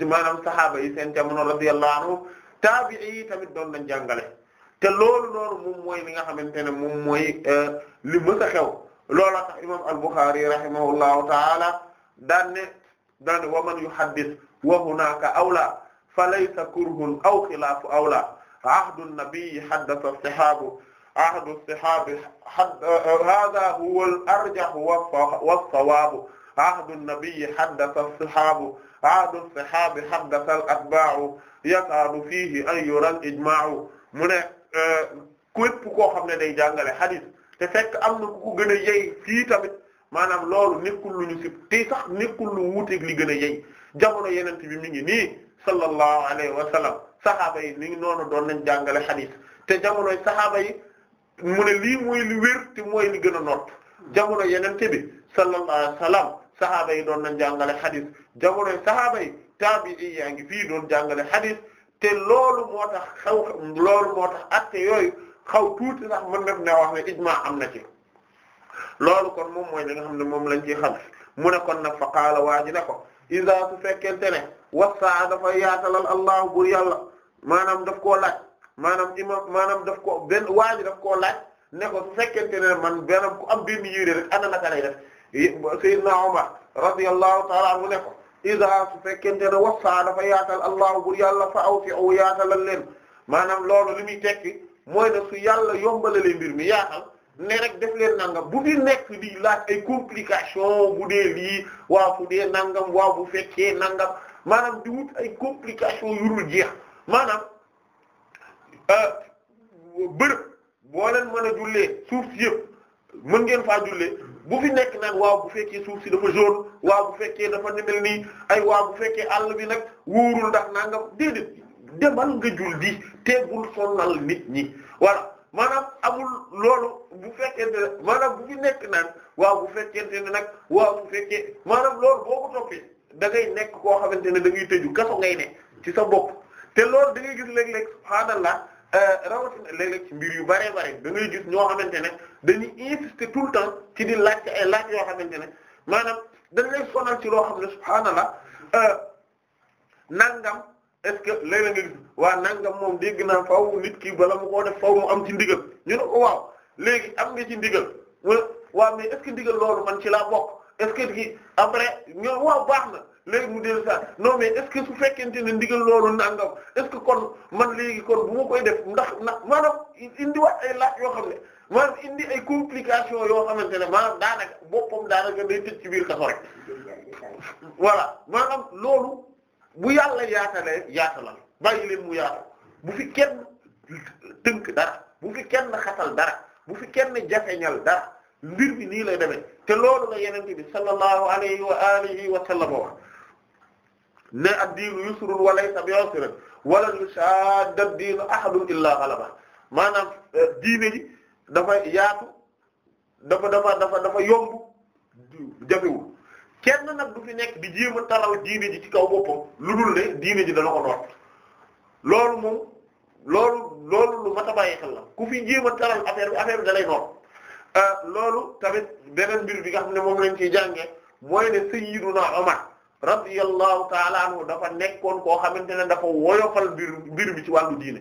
maanaam sahaaba yi seen jamono radiyallahu anhu taabi'i yi tamit doon nañ jàngale te loolu noonu moom mooy li nga xamante ne moom mooy euh, li mës a xew loola tax imam al-Bukhari rahimahullahu taala daan ne daan ne wa man yuhaddis wa hunaka awla fa laysa kurhun aw xilaafu awla ahdu nabii haddatha as-sahaabu ahadu sihaabi hadha huwa al-arjah wa as-sawaab ahdu an-nabiy haddatha as-sihaabu ahdu as-sihaabi haddatha al-atbaa'u yakaadu fiihi an yura al-ijmaa'u mu ne euh, képp koo xam ne day jàngale hadith te fekk am na ku ko gën a yey fii tamit maanaam loolu nekkul lu ñu si te sax nekkul lu wuuteeg li gën a yey jamono yeneen bi mi ngi nii sallallahu alayhi wa sallam saxaaba yi mi ngi noonu doon nañ jàngale hadith te jamonoy saxaaba yi. mu ne lii mooy lu wér te mooy li gën a noot jamono yenente bi sallallahu alayhi wasallam sahaaba yi doon nañ jàngale xadis jamono sahaaba yi taabii yaa ngi fii doon jàngale xadis te loolu moo tax loolu moo tax atte yooyu xaw tuuti sax mën na ne wax ne ijmaa am na ci loolu kon moom mooy li nga xam ne moom lañ ciy xam mu ne kon nag fa qaala waa ji ne ko isa su wa saada wasaa yaata yaatalal allahu bur yàlla maanaam daf koo laaj maanaam imam maanaam daf ko benn waa ji daf koo laaj ne ko su fekkente ne man benn ku am benn yére rek ana naka lay def sayyidna Umar radiyallahu ta'ala anhu ne ko iza su fekkente ne wasa dafa yaatal allahu bur yàlla fa awsi'u yaatalal leen maanaam loolu li muy tekki mooy ne su yàlla yombalalee mbir mi yaatal ne rek def leen nangam bu di nekk di laaj ay complication bu dee lii waa bu dee nangam waa bu fekkee nangam maanaam di wut ay complication yu dul jeex bërëb boo leen mën a jullee suuf si yëpp mën ngeen faa jullee bu fi nekk nag waaw bu fekkee suuf si dafa jaune waaw bu fekkee dafa nimel nii ay waaw bu fekkee àll bi nag wóorul ndax nangam déedéet demal nga jul di teegul sonal nit ñi voilà maanaam amul loolu bu fekkee ne maanaam bu fi nekk naan waaw bu fekkente nag waaw bu fekkee maanaam loolu boo ko toppee da nekk koo xamante ne da ngay tëju kaso ngay ne ci sa bopp te loolu da ngay gis léeg-léeg subhaanallah Euh, rawatina léeg-léeg ci mbir yu bëree bëri da ngay gis ñoo xamante ne dañu insister tout le temps ci di laaj ay laaj yoo xamante ne maanaam dañ lay sonal ci loo xam ne subhaanallah euh, nangam est-ce que léeg nga gis waa nangam moom dégg naa faaw nit ki bala mu koo def faaw mu am ci ndigal ñu ne ko waaw léegi am nga ci ndigal waa mais est ndigal loolu man ci laa bokk est-ce que après ñoom waaw baax na. léegi mu dellu saa non mais est que su fekkente ne ndigal loolu nangam est-ce que kon man léegi kon bu ma koy def ndax ndax maanaam indiwaat ay laaj yoo xam ne maanaam indi ay complications yoo xamante ne maanaam daanaka boppam daanaka day tëj ci biir kaso rek voilà maanaam loolu bu yàlla yaatalee yaatalal bàyyi leen mu yaatal bu fi kenn tënk dara bu fi kenn xatal dara bu fi kenn jafeñal dara mbir bi nii lay demee te loolu na yeneen yenente bi sallallahu alayhi wa alihi wa sallam wax ne ad-diinu yusrun wa laysa bi usrin wa lan yushadda ad-diinu ahadun maanaam eh, diine ji dafa yaatu dafa dafa dafa dafa yomb jafewul kenn nag du fi nekk di jéem a taraw diine ji ci kaw boppam lu dul ne diine ji dana ko noot loolu moom loolu loolu lu mat a bàyyi xel la ku fi jéem a taral affaire bi affaire bi da lay eh, loolu tamit beneen mbir bi nga xam ne moom lañ ciy jàngee mooy ne Sayyiduna Umar radiyallahu taala anhu dafa nekkoon koo xamante ne dafa woyofal mbir mbir bi ci wàllu diine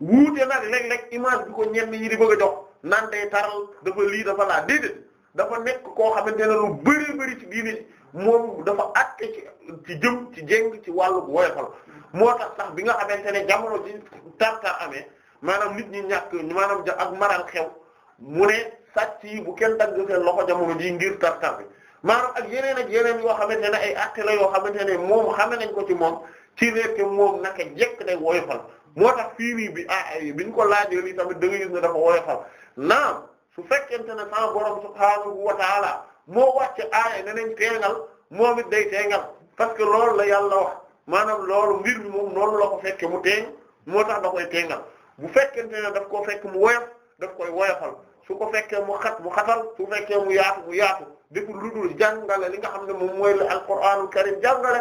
wuute nag léeg-léeg image bi ko ñenn ñi di bëgg a jox naan day taral dafa lii dafa laa déedéet dafa nekk ko xamante ne lu bari bari ci diine moom dafa àtte ci ci jëm ci jéng ci wàllu woyofal moo tax sax bi nga xamante ne jamono ji tar-tar amee maanaam nit ñi ñàkk maanaam ja ak maral xew mu ne sàcc yi bu kenn dagg seen loxo jamono ji ngir tar-tar bi maanaam ak yeneen ak yeneen yoo xamante ne ay actes la yoo xamante ne moom xame nañ ko ci moom ci nekk moom naka jekk day woyofal moo tax fii bi ah bi ñu ko laajee lii tamit da nga gis ne dafa woyofal naam su fekkente ne sama borom subhaanahu wa taala moo wàcc aaya ne nañ teengal moom it day teengal parce que loolu la yàlla wax maanaam loolu mbir mi moom noonu la ko fekke mu moo tax da koy teengal bu fekkente ne daf koo fekk mu woyof daf koy woyofal su ko fekkee mu xat mu xatal su fekkee mu yaatu mu yaatu. deful lu dul jàngale li nga xam ne moom mooy la alquraanul karim jàngale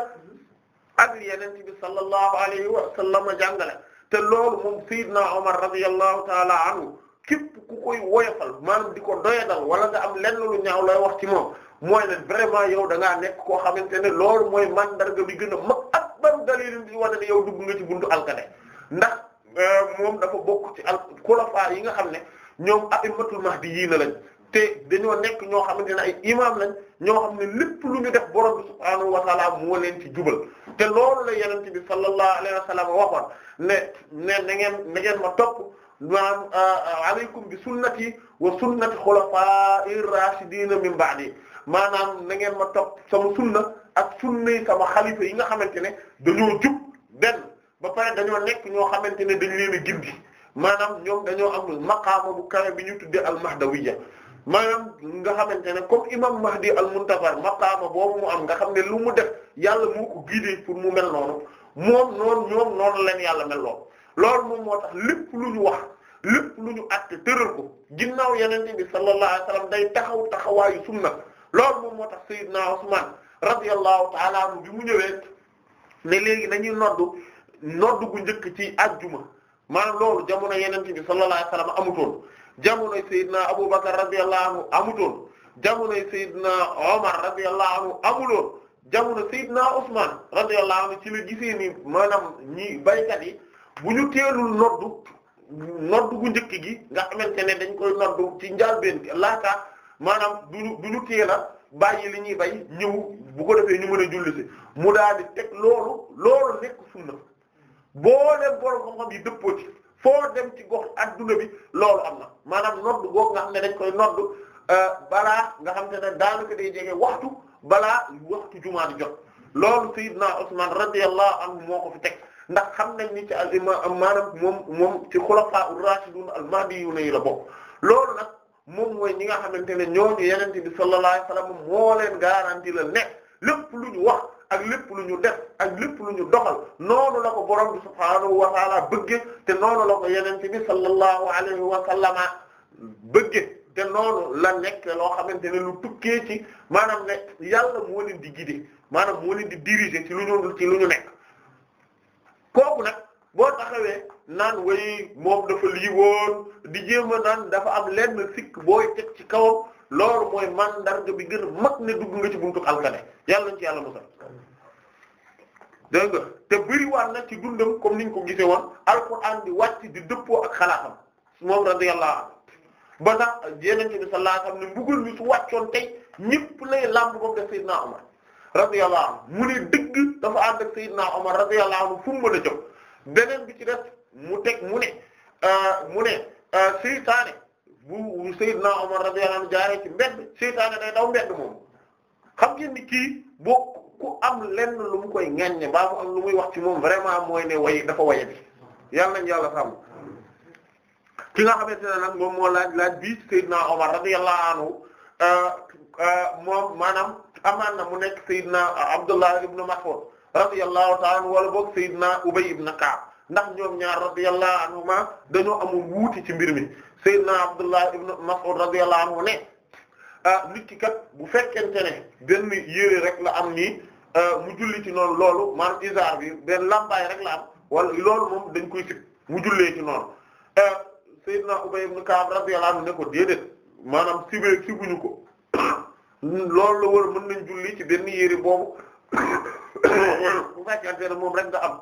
ak li yeneen bi sallallahu alayhi wa sallam jàngale te loolu moom Seydina Omar radiyallahu taala anhu képp ku koy woyofal maanaam di ko doyadal wala nga am lenn lu ñaaw lay wax ci moom mooy na vraiment yow da ngaa nekk koo xamante ne loolu mooy mandarga bi gën a mag ak ban dalil bi wane ne yow dugg nga ci buntu alkane ndax euh, moom dafa bokk ci al xulafaa yi nga xam ne ñoom a'immatul mahdiyyiin lañ te dañoo nekk ñoo xamante ne ay imaam lañ ñoo xam ne lépp lu ñu def borom bi subhaanahu wa taala moo leen ci jubal te loolu la yenente bi sallallahu alayhi wa sallam waxoon ne ne na ngeen na ngeen ma topp maanaam alaykum bi sunnati wa sunnati xulafa'ir rashidina min ba'di maanaam na ngeen ma topp sama sunna ak sunnay sama xalifa yi nga xamante ne dañoo jub benn ba pare dañoo nekk ñoo xamante ne dañ leen a gindi maanaam ñoom dañoo am maqaama bu kawe bi ñu tudde al mahdawiyya maanaam nga xamante ne comme imam Mahdi al ma maqaama boobu mu am nga xam ne lu mu def yàlla mu ko guidé pour mu mel noonu moom noonu ñoom noonu leen yàlla mel lool loolu moom moo tax lépp lu ñu wax lépp lu ñu àtte tëral ko ginnaaw yenente bi sallallahu alayhi wasallam day taxaw taxawaayu sunna loolu moom moo tax Seydina Usman radiyallahu ta'ala anhu bi mu ñëwee ne léegi nañuy noddu noddu gu njëkk ci ajjuma maanaam loolu jamono yenente bi sallallahu alayhi wasallam amutoon jamonoy Seydina Aboubacar radiyallahu anhu amutoon jamonoy Seydina Omar radiyallahu anhu jamono Seydina Ousmane ci la gisee ni maanaam ñi baykat yi bu ñu teelul noddu noddu gu njëkk gi nga xamante ne dañ koy noddu ci njàlbeen laata maanaam du ñu du ñu teel a bàyyi li ñuy bay ñëw bu ko defee ñu mën a mu daal di teg loolu loolu nekk sunna boo leen borom xam-xam yi dëppoo foo dem ci gox adduna bi loolu am na maa maanaam noddu goog nga xam ne dañ koy noddu euh, balaa nga xam te ne daanaka day jege waxtu balaa waxtu jumaa jot loolu Seydina Usman radiyallahu anhu moo ko fi teg ndax xam nañ ni ci al imam maanaam moom moom ci xulafaa ar-rashidun al-mahdiyun yi loolu nag moom mooy ñi nga xamante ne ñooñu yenente bi sallallahu alayhi wasallam moo leen garanti la nekk lépp lu ñu wax ak lépp lu ñu def ak lépp lu ñu doxal noonu la ko borom bi subhaanahu wa taala bëgge te noonu la ko yenente bi sallallahu alayhi wa sallama bëgge te noonu la nekk loo xamante ne lu tukkee ci maanaam ne yàlla moo leen di guider maanaam moo leen di diriger ci lu ñu ci lu ñu nekk kooku nag boo taxawee naan way moom dafa lii di jéem a naan dafa am lenn sikk booy teg ci kawam loolu mooy mandarga bi gën a mag ne dugg nga ci buntu alkane yàlla nañ ci yàlla musal dégg nga te bëriwaat na ci dundam comme niñ ko gisee woon alquran di wàcc di dëppoo ak xalaatam moom radiyallahu anhu ba tax yeneen bi sallallahu alayhi wasallam ne mbugal mi su wàccoon tey ñëpp lay làmb boobu def Seydina Omar radiyallahu anhu mu ne dëgg dafa ànd ak Seydina Omar radiyallahu anhu fu mu mën a beneen bi ci def mu teg mu ne euh, mu ne euh, seytaane bu Seydina Omar radiyallahu anhu jaaree ci mbedd seytaane day daw mbedd moom xam ngeen di kii boo ku am lenn lu mu koy ŋaññe mbaa mu am lu muy wax ci moom vraiment mooy ne way dafa waye bi yàlla nañ yàlla sàmm ki nga xamante ne nag moom moo laaj laaj bii Seydina Omar radiyallahu anhu euh, euh, moom maanaam amaan na mu nekk Seydina Abdullah ibn Mas'ud radiyallahu ta'ala anhu wala boog Seydina Ubay ibn Ka'b ndax ñoom ñaar radiyallahu anhuma dañoo amul wuuti ci mbir mi Seydina Abdullah ibn Mas'ud radiyallahu anhu ne ah nit ki kat bu fekkente ne benn yére rek la am nii ah, mu julli ci noonu loolu maanaam isaar bi benn lambaay rek la am wala loolu moom dañ koy sib mu jullee ci noonu ah, na Ubay ibn Ka'b radiyallahu anhu ne ko déedéet maanaam sibee sibuñu ko [COUGHS] loolu la war mën nañ julli ci benn yére boobu [COUGHS] bu fekkente ne moom rek nga am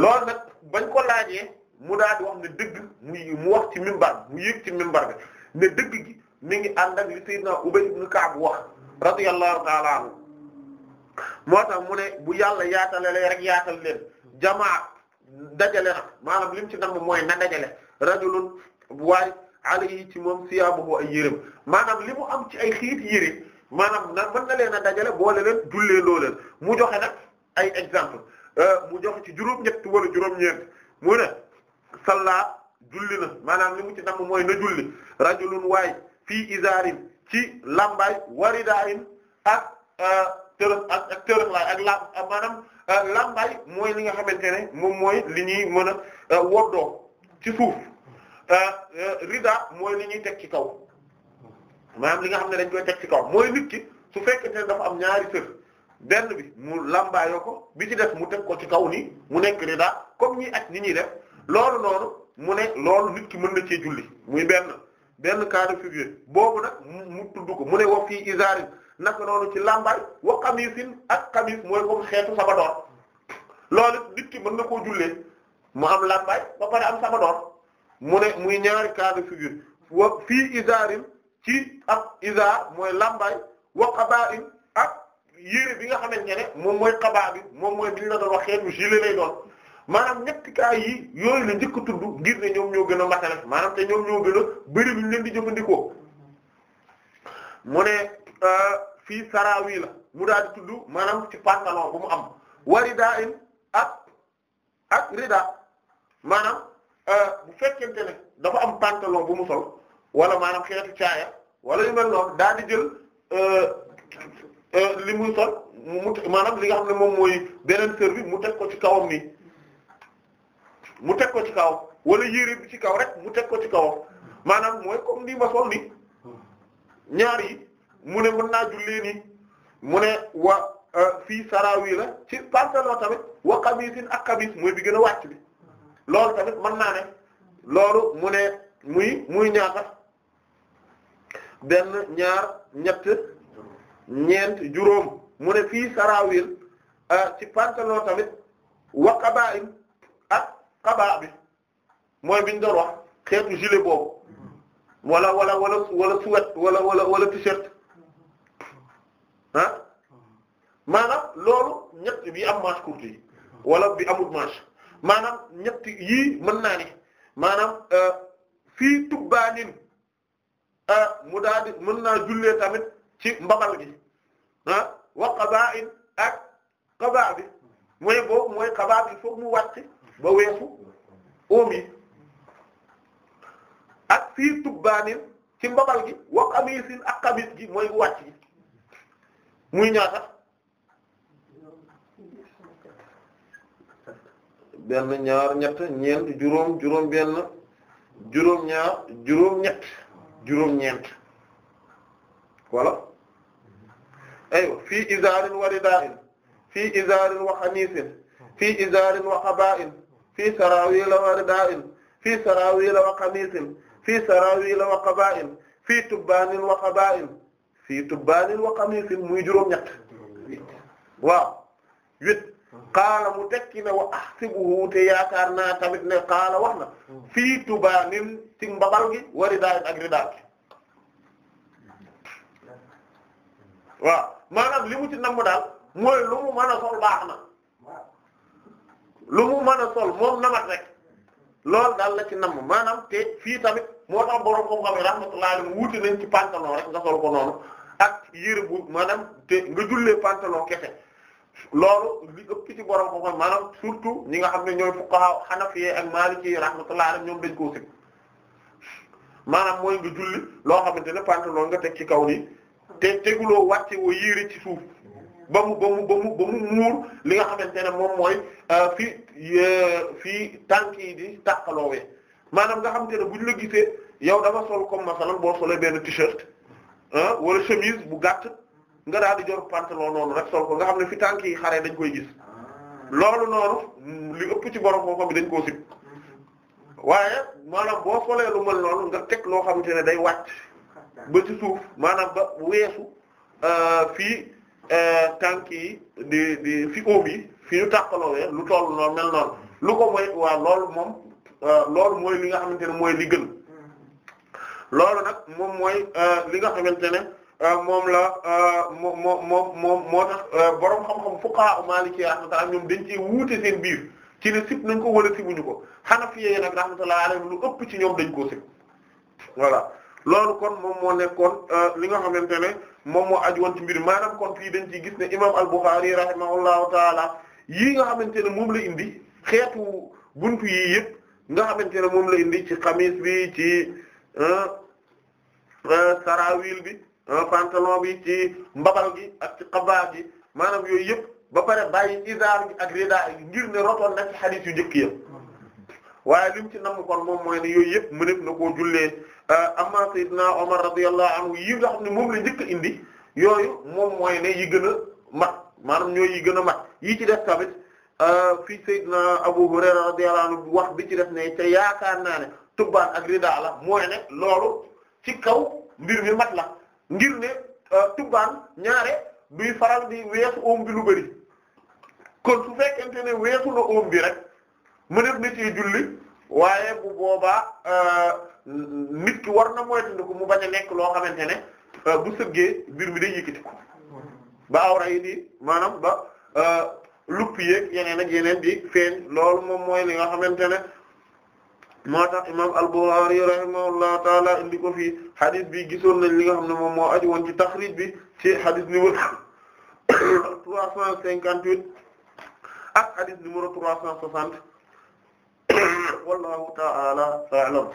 loolu nag bañ ko laajee mu daal di wax ne dëgg mu mu wax ci minbar mu yéeg ci minbar bi ne dëgg gi mi ngi ànd ak li Seydina Ubay ibn Ka'b wax radiyallahu ta'ala anhu moo tax mu ne bu yàlla le rek yaatal leen jamaa dajale nag maanaam li ci nam mooy na dajale rajulun waaye alayhi ci moom siyaabahu ay yërëm maanaam li mu am ci ay xiit yëre maanaam na mën na leen a dajale boole leen jullee loo leen mu joxe nag ay exemple euh, mu joxe ci juróom-ñett wala juróom-ñeent mu ne salla julli na maanaam li mu ci namm mooy na julli rajulun waay fii izaarin ci lambaay waridaayin ak euh, tërëx ak ak tërëxlaay ak lam maanaam euh, lambaay mooy li nga xamante ne moom mooy li ñuy mën a euh, woddoo ci suuf rida mooy li ñuy teg ci kaw maanaam li nga xam ne dañ koy teg ci kaw mooy nit ki su fekkente ne dafa am ñaari sër benn bi mu lambaayoo ko bi ci def mu teg ko ci kaw nii mu nekk rida comme ñi ak ni ñuy def loolu noonu mu ne loolu nit ki mën na cee julli muy benn benn cas de boobu nag mu tudd ko mu ne wa fii isaarin naka noonu ci làmbaay wa xamisin ak xamis mooy comme xeetu sabadoor loolu nit ki mën na koo jullee mu am làmbaay ba pare am sabadoor mu ne muy ñaari cas de figure wa fii isaarin ci ab isaar mooy làmbaay wa xabaarin ak yére bi nga xamante ne moom mooy xabaa bi moom mooy bi ñu la doon wax xeetu lay doon maanaam ñetti cas yi yooyu la njëkk tudd ngir ne ñoom ñoo gën a matale maanaam te ñoom ñoo gën a bëri bu ñu leen di jëfandikoo mu ne euh, fii saraawi la mu daal di tudd maanaam ci pantalon bu mu am waridaa euh, bu fekkente ne dafa am pantalon bu mu sol wala maanaam xeetu caaya wala yu mel noonu daal di jël euh, li muy sol maanaam li nga xam ne moom mooy beneen sër bi mu teg ko ci kawam nii mu teg ko ci kaw wala yére bi ci kaw rek mu teg ko ci kaw maanaam mooy comme ni ma sol ni ñaar mu ne mën naa jullee nii mu ne wa euh, fii sarawi la ci pantalon tamit wa qamisin ak qamis mooy bi gën a wàcc bi loolu tamit mën naa ne loolu mu ne muy muy ñaata benn ñaar ñett ñeent juróom mu ne fii sarawil euh, ci pantalon tamit waqaba'in ak xabaa bi mooy biñ doon wax xeetu boobu wala wala wala wala wala wala wala t-shirt ah maanaam loolu ñett bi am manche courte wala bi amul manche maanaam ñett yi mën naa ni maanaam euh, fii tubbaanin euh, mu daal di mën naa jullee tamit ci mbabal gi ah wa xabaa ak xabaa bi mooy boobu mooy xabaa bi mu wàcc ba weesu oom ak fii tubbaanin ci mbabal gi wa qamisin ak qamis gi mooy wàcc muy ñaata benn ñaar ñett ñeent juróom juróom benn juróom ñaar juróom ñett juróom ñeent voilà aywa fii izaarin wa ridaain fii izaarin wa xamiisin fii izaarin wa xabaain fii sarawila wa ridaa'in fii sarawila wa qamiisin fii sarawila wa qabaa'in fii tubbaanin wa qabaa'in fii tubbaanin wa qamiisin muy juróom-ñett mu tekki wa ahsibuhu te yaakaar naa tamit ne qaala wax na fii tubaanin ci gi wa ridaa'in ak ridaa gi waaw maanaam daal mu mën a sol baax lu mu mën a sol moom namat rek loolu daal la ci namm maanaam te fii tamit moo tax borom ko xam ne rahmatullahi alayhi wuute nañ ci pantalon rek nga sol ko noonu ak yére bu maanaam te nga jullee pantalon kese loolu li ëpp ci borom ko xam maanaam surtout ñi nga xam ne ñooy fuqaha hanafiyye ak maliki rahmatullahi alayhi ñoom dañ ko sib maanaam mooy nga julli loo xamante ne pantalon nga teg ci kaw nii te teguloo wàcce woo yére ci suuf ba mu ba mu ba mu ba mu muur li nga xamante ne moom mooy fii euh, fii euh, tànk yi di tàqaloowee maanaam nga xamante ne buñ la gisee yow dama sol comme masalan boo solee benn t-shirt ah wala chemise bu gàtt nga daal di jor pantalon noonu rek sol ko nga xam ne fi tànk yi xaree dañ koy gis loolu noonu li ëpp ci borom foofa bi dañ koo sib waaye maanaam boo solee lu mel noonu nga teg loo xamante ne day wàcc ba ci suuf maanaam ba weesu euh, fii. Euh, tànk yi di di fi óom fi ñu tàqaloowee lu toll noonu mel noonu lu ko mooy waa loolu moom loolu mooy li nga xamante ne mooy li gën loolu nag moom mooy euh, li nga xamante ne euh, moom la moo moo moo moom moo tax borom xam-xam fuqaha maliki rahmatullah ñoom dañ ci wuute seen biir ci ne sib nañ ko wala sibuñu ko Hanafi yi nag rahmatullah alayhim lu ëpp ci ñoom dañ koo sib voilà loolu kon moom moo nekkoon euh, li nga xamante ne moom moo aju woon ci mbir maanaam kon fii dañ ci gis ne imam al-Bukhari rahimahullahu taala yii nga xamante ne moom la indi xeetu buntu yi yëpp nga xamante ne moom la indi ci xamis bi ci euh, euh, sarawil bi pantalon bi ci mbabal gi ak ci xabaar gi maanaam yooyu yëpp ba pare bàyyi izaar gi ak rida ngir ne rotoon na ci hadith yu njëkk yëpp waaye li mu ci namm kon moom mooy ne yooyu yëpp mëneef na koo jullee euh, amma sayyidina Umar radiyallahu anhu yi nga xam ne moom la njëkk indi yooyu moom mooy ne yi gën a mat maanaam ñooy yi gën a mat yi ci def tamit euh, fii sayyidina Abu Hurayra radiyallahu anhu wax bi ci def ne te yaakaar naa ne tubbaan ak ridaa la mooy ne loolu ci kaw mbir mi mat la ngir ne euh, tubbaan ñaare duy faral di weesu oom bi lu bari kon su fekkente ne weesu na oom bi rek. mënef na ci julli waaye bu boobaa euh, nit ki war na moytandiku mu bañ a nekk loo xamante ne euh, bu sëggee mbir mi day yëkkati ba awra yi di maanaam ba euh, lupp yeeg yeneen ak yeneen bi feeñ loolu moom mooy li nga xamante ne moo tax imam al-Bukhârî rahimahullahu taala indi ko fii bi gisoon nañ li nga xam ne moom moo aju woon ci taxrij bi ci hadith numéro [COUGHS] trois cent cinquante-huit ak hadith numéro trois cent soixante [COUGHS] wallahu ta'ala a'lam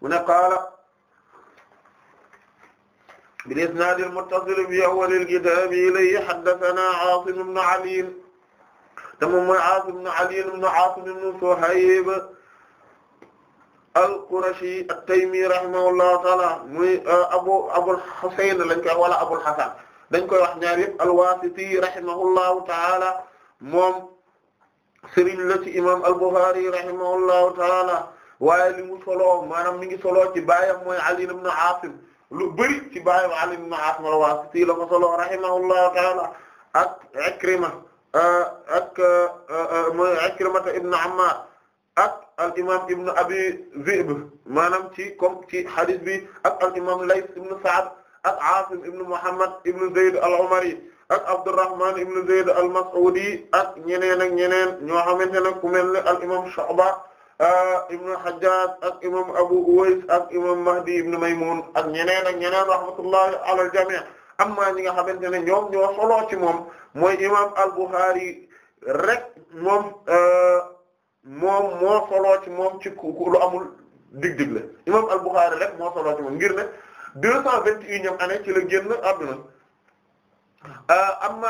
mu ne qaala bil isnaad al muttasil bi awwal al kitaab ilayhi haddathanaa Aasim ibn Ali te moom mooy Aasim ibn Ali ibn Aasim ibn Suhayb al-Qurashi at-Taymi rahimahullahu ta'ala muy uh, abu Abul Husayn lañ koy wala Abul Hasan dañ koy wax ñaar yëpp al-Wasiti rahimahullahu ta'ala moom sëriñ la ci imam al-Bukhari rahimahullahu taala waaye li mu soloo maanaam mi ngi soloo ci baayam mooy Ali ibn Asim lu bëri ci baayam Ali ibn Asim al-Wasiti la ko soloo rahimahullahu taala ak Ikrima eh, ak eh, eh, mooy Ikrimata ibn Ammar ak al imam ibn Abi Zi'b maanaam ci comme ci hadith bi ak al imam Layth ibn Sa'd ak Asim ibn Muhammad ibn Zayd al-Umari ak Abdurrahman ibn Zayd al-Mas'udi ak ñeneen ak ñeneen ñoo xamante ne ku mel ne al imam Shu'ba euh, ibn Hajjaj ak imam Abu Uways ak imam Mahdi ibn Maymun ak ñeneen ak ñeneen rahmatullahi ala al-jami' amma ñi nga xamante ne ñoom ñoo solo ci moom mooy imam al-Bukhari rek moom euh, moom moo solo ci moom ci ku lu amul dig-dig la imam al-Bukhari rek moo solo ci moom ngir ne deux cent vingt et unième année ci la génn adduna Euh, amma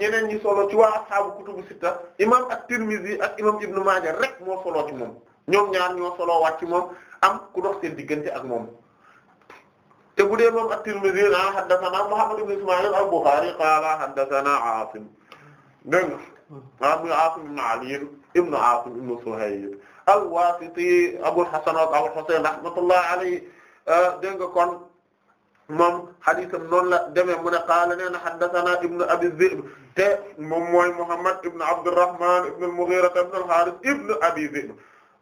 ñeneen ñi solo ci waa ashaabu kutubu sitta imam at-Tirmidhi ak imam Ibn Maaja rek moo solo ci moom ñoom ñaar ñoo solo waat ci moom am ku dox seen diggante ak moom te bu moom at-Tirmidhi ah haddathana Muhammad ibn Isma'il al-Bukhari qaala haddathana Aasim dégg nga hmm. ah, muy Aasim ibn Ali ibn Aasim ibn Suhayb al-Wasiti Abul Hasan ak Abul rahmatullahi alayhi euh, dégg kon moom hadisam noonu la demee mu ne qaala nee na haddathana ibnu abi Zi'b te moom mooy Muhammad ibnu Abdurrahman ibnu al-Mughira ibnu al-Harith ibnu abi Zi'b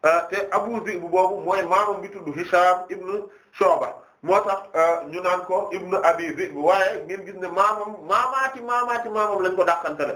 euh, te Abu Zi'b boobu mooy maamam bi tudd Hisham ibnu Shu'ba moo tax euh, ñu naan ko ibnu abi Zi'b waaye ngeen gis ne maamam maamaati maamaati maamam lañ ko dàqantele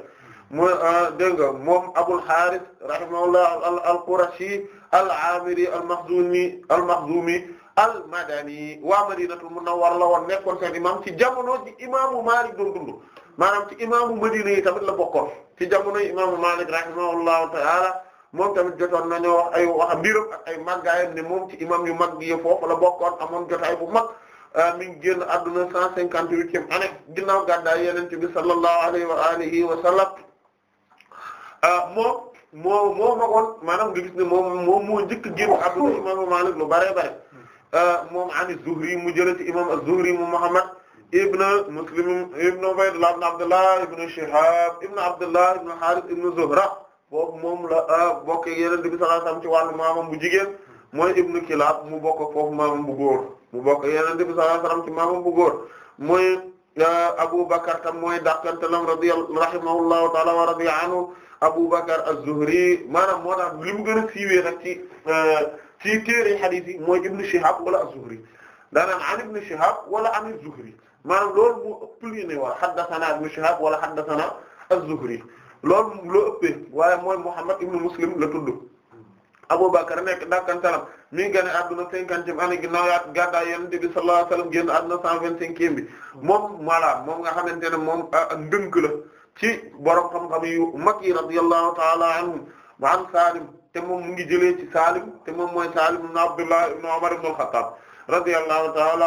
mu euh, dégg nga moom Abul Harith rahimahullah al-Qurashi al-Amiri al-Makhzumi al-Makhzumi al-Madani waa Madinatul Munawwara la woon nekkoon seen imam ci jamono ji imaamu Maalik doon dund maanaam ci imaamu Madina yi tamit la bokkoon ci jamono yi imaamu Maalik rahimahullahu ta'ala moom tamit jotoon nañoo wax ay wax ay ak ay màggaayam ne moom ci imam yu mag yi foofu la bokkoon amoon jotaay bu mag ah, mi ngi génn adduna cent cinquante-huitième année ginnaaw gàddaay Yonent bi sallallahu alayhi wa alihi wa sallam ah, moom moo moo magoon maanaam nga gis ne moom moo njëkk génn lu bare bare moom an az-Zuhri mu jëlee ci imam az-Zuhri mu Muhammad ibn Muslim ibn Ubaydullah ibn Abdullah ibn Shihab ibn Abdullah ibn Harith ibn Zuhra boobu moom la ah, bokk Yonent bi sallallahu alayhi wasallam ci wàllu maamam bu jigéen mooy ibn Kilab mu bokk foofu maamam bu góor mu bokk Yonent bi sallallahu alayhi wasallam ci maamam bu góor mooy ah, Abu Bakr tam mooy dàqantalam radiyallahu rahimahullahu ta'ala wa radiya anhu Abu Bakr az-Zuhri maanaam moo tax li mu gën a siiwee nag ci ah, ci téere hadith yi mooy Ibn Shihab wala az-Zuhri daanaan an Ibn Shihab wala an az-Zuhri maanaam loolu moo ëpp lu ne wala haddathana Ibn Shihab wala haddathana az-Zuhri loolu loo ëppee waaye mooy Muhammad ibn Muslim la tudd Abubakar nekk dakkantalam mi ngi génn àdduna cinquantième année ginnaaw yaat gàddaay Yonent bi sallallahu alayhi wasallam génn àdduna cent vingt-cinquième bi moom voilà moom nga xamante ne moom ndënk la ci borom xam-xam yu mag yi radiyallahu ta'ala anhum wa an Salim te moom mu ngi jëlee ci Saalim te moom mooy Saalim ibn Abdullah ibn Umar ibn al-Khattab radiyallahu ta'ala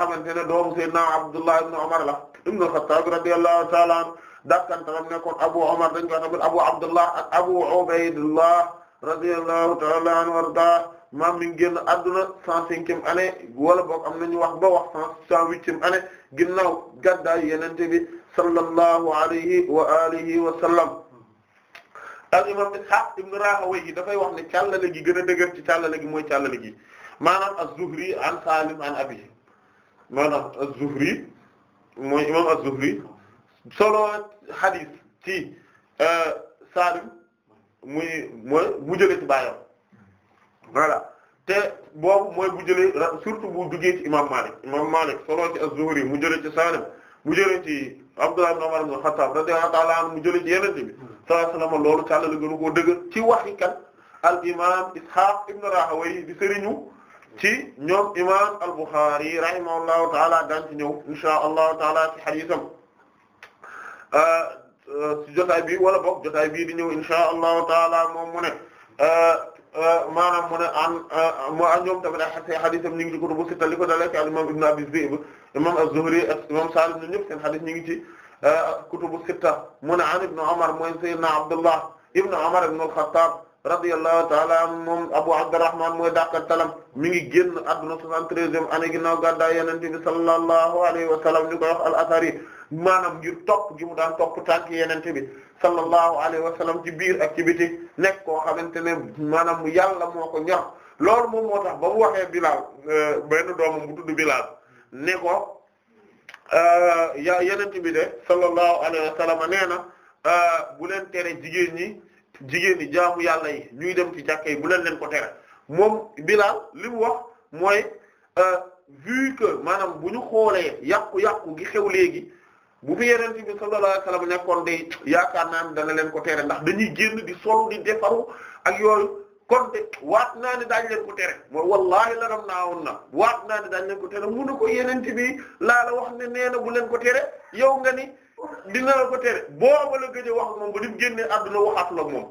xamante ne doomu Seydina Abdullah ibn Umar la ibn al-Khattab radiyallahu ta'ala anhu nekkoon Abu dañ koy tamit Abu Abdullah ak Abu Ubaydullah radiyallahu ta'ala anhu warda maam mi ngi génn adduna cent cinquième wala boog am nañu wax ba wax cent huitième année ginnaaw gàddaay Yonent bi sallallahu alayhi wa alihi wa sallam al imam Ishaq ibn Rahawayh dafay wax ne càllale gi gën a dëgër ci càllale gi mooy càllale gi maanaam az-Zuhri an Salim an abi maanaam az-Zuhri mooy imam az-Zuhri solo hadith ci euh, Salim muy mooy mu jëlee ci baayam voilà te boobu mooy bu jëlee surtout bu duggee ci imam Malik imam Malik solo ci az-Zuhri mu jëlee ci Salim mu jëlee ci Abdullah ibn Umar ibn Khattab radiyallahu ta'ala anhu mu jëlee ci yeneen bi sallallahu alayhi wasallam loolu càllale gënu koo dëgër ci waxi kan al imam Ishaq ibn Rahawayh di sëriñu ci ñoom imam al-Bukhari rahimahullahu taala daan ci ñëw inshaa allahu taala ci hadiisam ci jotaay bi wala bokk jotaay bii di ñëw inshaa allahu taala moom mu ne maanaam mu ne an mu an ñoom tamit ay xadisam ñu ngi ci kutubu sitta li ko dalee ci al imam ibn Abi Zi'b imam az-Zuhri ak imam Salim ñun ñëpp seen xadis ñu ngi ci kutubu sitta mu ne an ibnu Umar mooy sayyidina Abdullah ibnu Umar ibnu al-Khattab radiyallahu ta'ala anhu Abu Abdurrahman mooy dàqal talam mi ngi génn adduna 73ème année ginnaaw gàddaay Yonent bi sallallahu alayhi wa sallam ñu koy wax al-Athari maanaam ngir topp gi mu daan topp tànk Yonent bi sallallahu alayhi wa sallam ci biir ak ci biti nekk koo xamante ne maanaam yàlla moo ko ñor loolu moom moo tax ba mu waxee Bilal euh, benn doomam bu tudd Bilal Euh, ya yenent bi de sallallahu alayhi wa sallam nee na euh, bu leen tere jigéen ñi jigéen ñi jaamu yàlla yi ñuy dem ci jàkka yi bu leen leen ko tere moom Bilaal li mu wax mooy euh, vu que maanaam bu ñu xoolee yàqu-yàqu gi xew léegi bu fi yenent bi sallallahu alayhi wa sallam nekkoon day yaakaar naa ne dana leen ko tere ndax dañuy génn di solu di defaru ak yooyu kon de waat naa ne daañu leen ko tere moo wallaahi la na naawoon na waat naa ne daañu leen ko tere mu ne ko yeneen bi laa la wax ne nee na bu leen ko tere yow nga ni dina la ko tere booba la gëj wax moom ba di génne àdduna waxaat la moom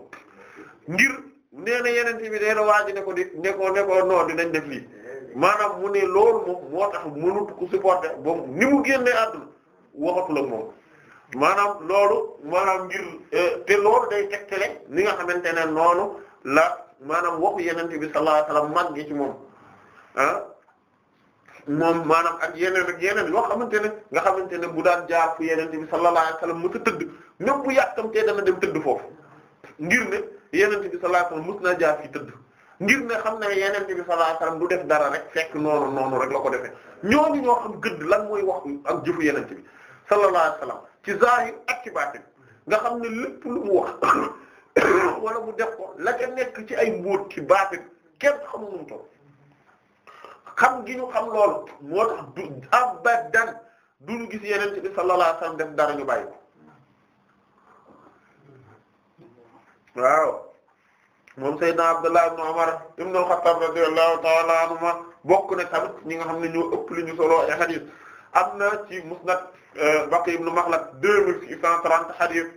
ngir nee na yeneen bi nee na waa ji ne ko di ne ko ne ko non dinañ def lii maanaam mu ne loolu moom moo tax mënut ko supporter ba ni mu génnee àdduna waxatu la moom. maanaam loolu maanaam ngir euh, te loolu day tegtale ni nga xamante ne noonu maanaam waxu yenente bi sallallahu alayhi wasallam mag gi ci moom ah moom maanaam ak yeneen ak yeneen yoo xamante ne nga xamante ne bu daan jaar fu yenente bi sallallahu alayhi wasallam mësa tëdd même bu yàkkamtee dana dem tëdd foofu ngir ne yenente bi sallallahu alayhi wasallam mës naa jaar fi tëdd ngir ne xam ne yeneen bi sallallahu alayhi wasallam du def dara rek fekk noonu noonu rek la ko defee ñooñu ñoo xam gëdd lan mooy wax ak jëfu yenente bi sallallahu alayhi wasallam ci zahir ak ci nga xam ne lépp lu mu wax [COUGHS] wala mu def ko la ca nekk ci ay mbóot ci baatin kenn xamul nu xam gi ñu xam lool moo tax du abadan du ñu gis yeneen bi sallallahu alayhi wasallam def dara ñu bàyyi ko waaw moom Seydina Abdullah ibn Umar ibn al-Khattab radiyallahu ta'ala anhuma bokk na tamit ñi nga xam ne ñoo ëpp li ñu solo ay hadith am na ci musnad eh, Baqi ibn Makhlad deux mille six cent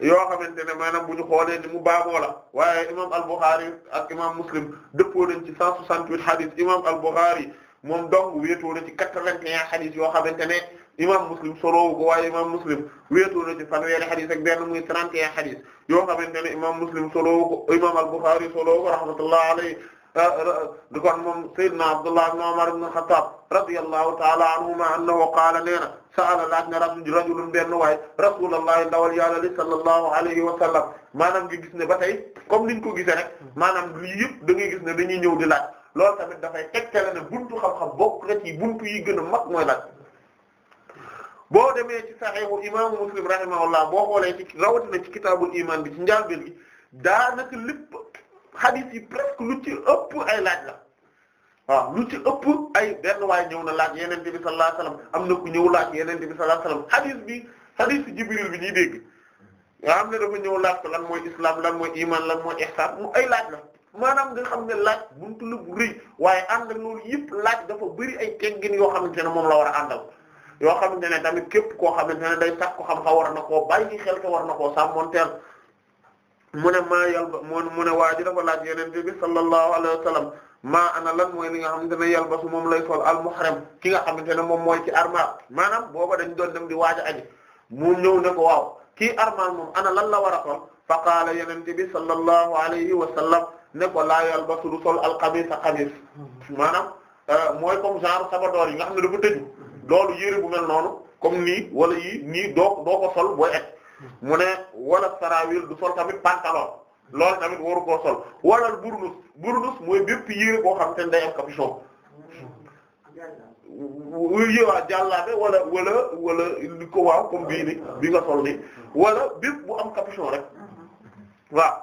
yoo xamante ne maanaam bu ñu xoolee ni mu baaboo la waaye imam al-Bukhari ak imam Muslim dëppoo nañ ci 168 hadith imam al-Bukhari moom dong wéetoo na ci 81 hadith yoo xamante ne imam Muslim soloowu ko waaye imam Muslim wéetoo na ci fanweeri hadith ak benn muy 31 hadith yoo xamante ne imam Muslim soloowu ko imam al-Bukhari soloowu ko rahmatullah alayhi di ko wax moom Seydina Abdullah ibn Umar ibn Khattab radiyallahu ta'ala anhuma annahu qaala nee na sa'ala laaj na rajulun benn waay rasulullahi ndawal yàlla li sallallahu alayhi wa sallam maanaam nga gis ne ba tey comme niñ ko gise rek maanaam lii yëpp da ngay gis ne dañuy ñëw di laaj lool tamit dafay tegtale ne buntu xam-xam bokk na ci buntu yi gën a mag mooy laaj boo demee ci saxiixu imaamu Muslim rahimahullah boo xoolee ci rawatina ci kitaabul imaan bi ci njaal bi daanaka xadiis yi presque lu ci ëpp ay laaj la waaw lu ci ëpp ay benn waaye ñëw na laaj yeneen bi sallallahu alayhi wasallam am na ku ñëw laaj yeneen bi sallallahu alayhi wasallam xadiis bi xadiis Jibril bi ñuy dégg nga xam ne dafa ñëw laaj lan mooy islam lan mooy iman lan mooy ihsan ay laaj la maanaam nga xam ne laaj buntu la bu rëy waaye ànd ak loolu yëpp laaj dafa bëri ay teggin yoo xamante ne moom la war a àndal yoo xamante ne tamit képp koo xamante ne day sax xam-xam war na koo bàyyi xel te war na koo sàmmonteel mu ne maa yalba mu ne waa ji dafa laaj yonent bi sallallahu alayhi wa sallam maa ana lan mooy li nga xamante ne yalbasu moom lay sol al muhrim ki nga xamante ne moom mooy ci armal maanaam booba dañ doon dem di waaj a mu ñëw ne ko waaw kii armal moom ana lan la war a sol fa qaala yonent bi sallallahu alayhi wa sallam ne ko laa yalbasu du sol al qamis a qamis maanaam euh, mooy comme genre sabadoor yi nga xam ne dafa tëju loolu yére bu mel noonu comme nii wala yii nii doo doo ko sol booy et mu ne wala sarawil du sol tamit pantalon lool tamit waru koo sol wala burnus burnus mooy bépp yére boo xam te ne day am capuchon yëwaa jàllaabe wala wala wala ko waaw comme bii ni bi nga sol ni wala bépp bu am capuchon rek waaw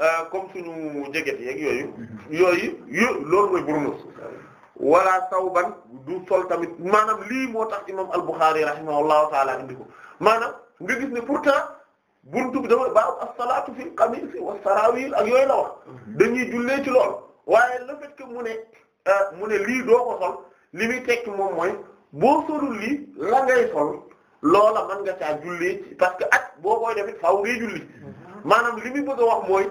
euh, comme suñu jeget yeeg yooyu yooyu yu loolu mooy burnus wala sawban du sol tamit maanaam lii moo tax imam al-Bukhari rahimahullahu taala indi ko nga gis ne pourtant buntu bi dama baaw as-salaatu fil qamiisi wa saraawil ak yooyu la wax mhm. dañuy jullee ci lool waaye le fait que mu ne euh, mu ne lii doo ko sol li muy tekki moom mooy boo solul lii la ngay sol loola man nga caa jullee ci parce que at boo koy def it faaw ngay julli mhm. maanaam li muy bëgg a wax mooy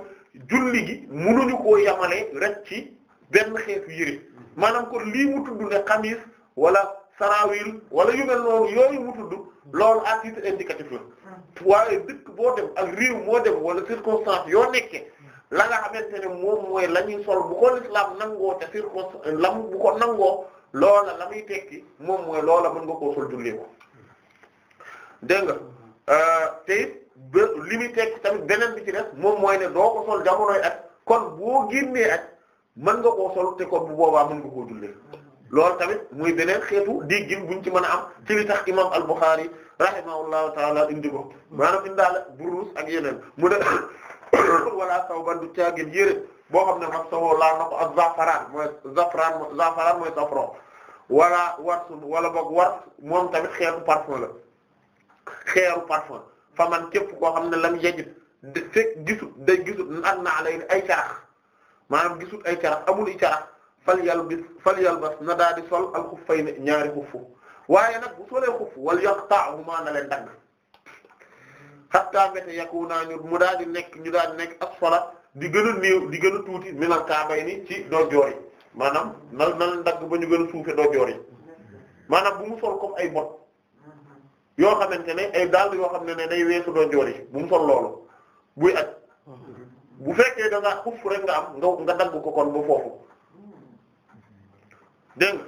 julli gi munuñu koo yamale rek ci benn xeetu yére mhm. maanaam kon lii mu tudd ne xamis wala sarawil wala yu mel noonu yooyu mu tudd loolu à titre indicatif la waaye dëkk boo dem ak réew moo dem wala circonstance yoo nekkee la nga xamante ne moom mooy la ñuy sol bu ko lislaam nangoo te circonstance lam bu ko nangoo loola la muy tekki moom mooy loola mën nga koo sol jullee ko dégg nga euh, te li muy tekki tamit beneen bi ci def moom mooy ne doo ko sol jamonoy at kon boo génnee at mën nga koo sol te ko bu boobaa mën nga koo jullee loolu tamit muy beneen xeetu déggin buñ ci mën a am ci li tax imam al-Bukhari rahimahullahu taala indi ko maanaam indaale ak yeneen mu ne [COUGHS] wala sawban du caagin yére boo xam ne ma sawoo laal na ko ak zafaraan mooy zafaraan zafaraan mooy safran wala warsu wala boog war moom tamit xeetu parfum la xeeru parfum fa man képp koo xam ne lam yejit de fekk gisut day gisut naan naa lay ay carax maanaam gisut ay carax amul i carax fal yalbis fal ba na daa di sol al xuffay ne ñaari xuffu waaye nag bu solee xuff wal yaqta'huma na leen dagg hatta mbete yakuna ñu mu daa di nekk ñu daa di nekk asfala di gën a néew di gën a tuuti minal kaabay ni ci dojoor yi maanaam na na leen dagg ba ñu gën a suufe dojoor yi maanaam bu mu sol comme ay bot yoo xamante ne ay dàll yoo xam ne ne day weesu dojoor yi bu mu sol loolu buy at mm-hmm. bu fekkee da nga xuff rek nga am nga nga dagg ko kon ba foofu dégg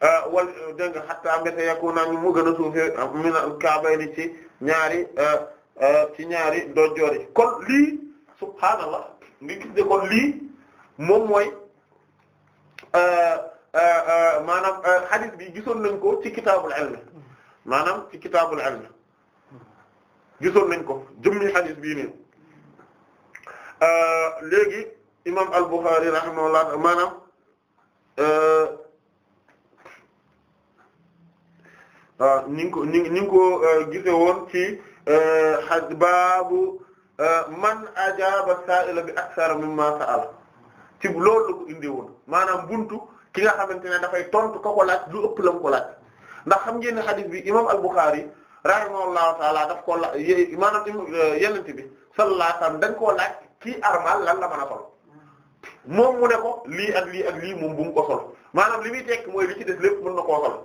nga ah, wal dégg nga xattaa mbéta yàqu naa ñu mu gën a suufee ah, mi na kaabay ci ñaari ah, ci ñaari dojjoor yi kon lii subhaanallah nga gis ne lii moom mooy maanaam hadith bi gisoon nañ ko ci kitaabul ilm maanaam ci kitaabul ilm gisoon nañ ko jëmmi hadith bii nii léegi imam al-Bukhari maanaam Euh, waaw ñu ngi ko ñu ngi ko euh, gise woon ci euh, baabu man ajaaba saa'ila bi akthara mimma sa'ala ci loolu la ko indi woon maanaam buntu ki nga xamante ne dafay tontu ko laaj lu ëpp la ko laaj ndax xam ngeen ne bi imam al-Bukhari rahimahullahu taala daf ko la dañ koo a moom mu ne ko lii ak lii ak lii moom bu mu ko sol maanaam li muy tekk mooy li ci des lépp mën na koo sol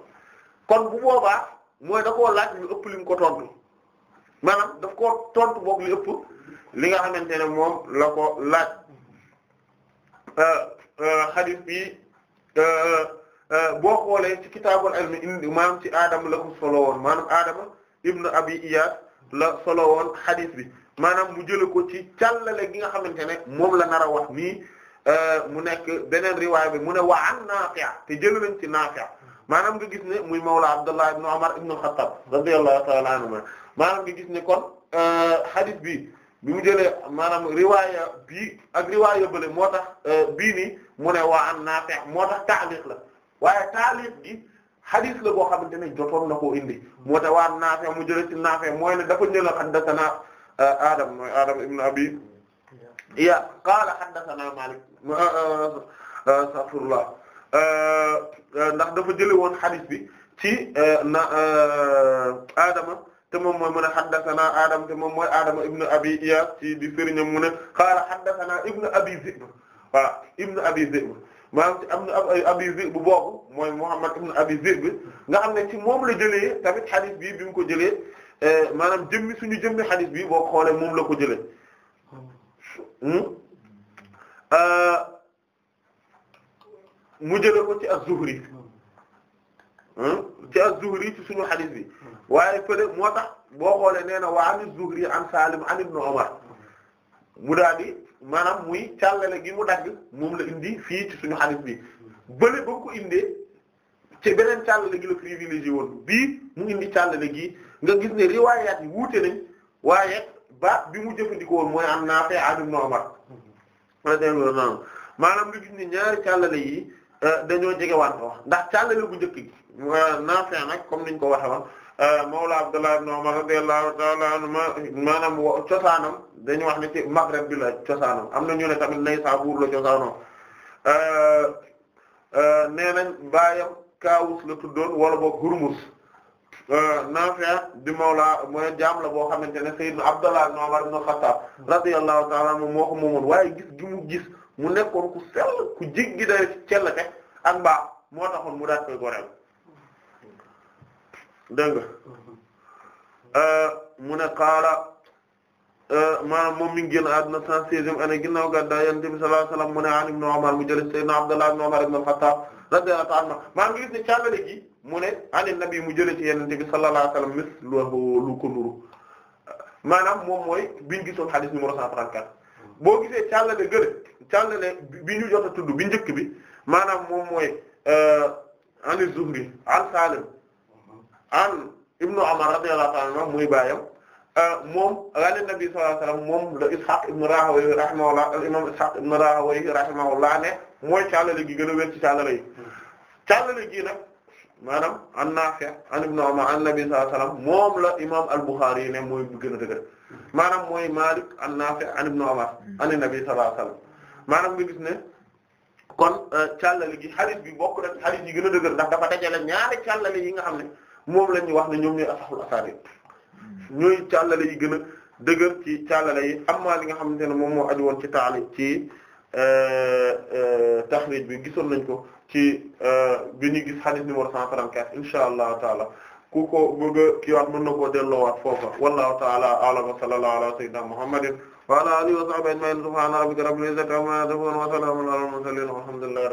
kon bu boobaa mooy da ko laaj lu ëpp li ko tontu maanaam daf koo tontu boog li li nga xamante ne moom la ko laaj euh, euh, hadith bi euh, boo xoolee ci kitaabul ilmi indi maanaam ci Adama la ko solo maanaam Adama ibn Abi Iyas la solo woon hadith bi maanaam mu jële ko ci càllale gi nga xamante ne moom la nar a wax nii Euh, mu nekk beneen riwaay bi mu ne waa an Naafi' te jël nañ ci Naafi' maanaam nga gis ne muy mawla Abdullah ibn Umar ibn al-Khattab radiyallahu ta'ala anhuma maanaam nga gis ne kon euh, hadith bi bi mu jëlee maanaam riwaaya bii ak riwaaya bële moo tax euh, bii nii mu ne wa an Naafi' moo tax ta'liq la waaye ta'liq gi hadith la boo xamante ne jotoon na ko indi moo tax wa an Naafi' mu jëlee ci Naafi' mooy ne dafa ñëla haddathana Adam mooy Adam ibn Abi ya qaala haddathana Maalik astaghfirullah ndax dafa jële woon hadith bi ci na Adama te moom mooy mu ne haddathana Adama te moom mooy Adama ibn Abi Iyaas ci di sëriñam mu ne qaala haddathana ibn Abi Zi'b voilà ibn Abi Zi'b maanaam ci am na Abi Zi'b boobu mooy Muhammad ibn Abi Zi'b nga xam ne ci moom la jëlee tamit hadith bi bi mu ko jëlee maanaam jëmmi suñu jëmmi hadith bi boo xoolee moom la ko jëlee Hmm? Euh, mu jële ko ci az-Zuhri hmm? ci az-Zuhri ci suñu hadith bi waaye peut moo tax boo xoolee nee na waa an az-Zuhri an Salim an Ibn Umar mu daal di maanaam muy càllale gi mu dagg moom la indi fii ci suñu hadith bi bële ba ko indee ci beneen càllale gi la privilégié woon bii mu indi càllale gi nga gis ne riwaayaat wuute nañ waaye ba bi mu jëfandikoo mooy am naa fee aadum nomar maanaam nga gis ni ñaari càllale yi euh, dañoo jegewante wax ndax càllale bu njëkk gi Naafi' nag comme niñ ko waxe woon euh, mawla Abdullah ibn Umar radiyallahu ta'ala anhuma maanaam cosaanam dañu wax ne ci Maghreb bi la cosaanam am na ñu ne tamit Naysaabuur la cosaanam euh, nee nañ baayam Kaawus la tuddoon wala boog Hurmus Euh, Naafi' di mawla mooy jaam la boo xamante ne Sayyidna Abdullah ibn Umar ibn Khattab radiyallahu ta'ala anhu moo ko moomoon waaye gis gi mu gis mu nekkoon ku sell ku jéggi day sell te ak mbaax moo taxoon mu daat koy goreel dégg nga euh, mu ne qaala euh, maanaam moom mi ngi génn àdduna 116e année ginnaaw gàddaay Yonent bi sallallahu alayhi wasallam mu ne an Ibn Umar mu jël Sayyidna Abdullah ibn Umar ibn Khattab radiyallahu ta'ala anhu maa ngi gis ne càllale gi mu ne anin nabi mu jëlee ci yenente bi sallallahu alayhi wasallam mislahu lu ko nuru maanaam moom mooy biñu gisoon xadis numéro 134 boo gisee càllale gële càllale bi ñu jot a tudd bi njëkk bi maanaam moom mooy euh, an az-Zuhri an Salim an ibnu Umar radiyallahu ta'ala anhu muy baayam euh, moom nabi sallallahu alayhi moom la Ishaq ibnu Rahawayh rahimahullah al imam mooy càllale gi gën a wér ci càllale yi càllale gi nag maanaam an Naafi' an Ibn Umar an Nabi sallallahu moom la imaam al-Bukhari ne mooy bu gën a dëgër maanaam mooy Maalik an Naafi' an Ibn Umar an Nabi sallallahu maanaam nga gis ne kon euh, càllale gi hadith bi bokk na hadith yi gën a dëgër ndax dafa dajale ñaari càllale yi nga xam ne moom la ñuy wax ne ñoom ñooy asahul asaanid ñooy càllale yi gën a dëgër ci càllale yi amma li nga xamante ne moom moo aju ci taali ci. Euh, euh, taxrij bi gisoon nañ ko ci euh, bi ñu gis hadith numéro 134 insha allahu taala ku ko bëgg a kiiwaat mën na koo delloowaat foofa wallahu taala a'lam wa sallallahu ala sayyidina muhammadin wa ala alihi wa sahbihi ajma'in subhana rabbika rabbil izzati amma yasifun wa salamun ala al mursalin walhamdulillahi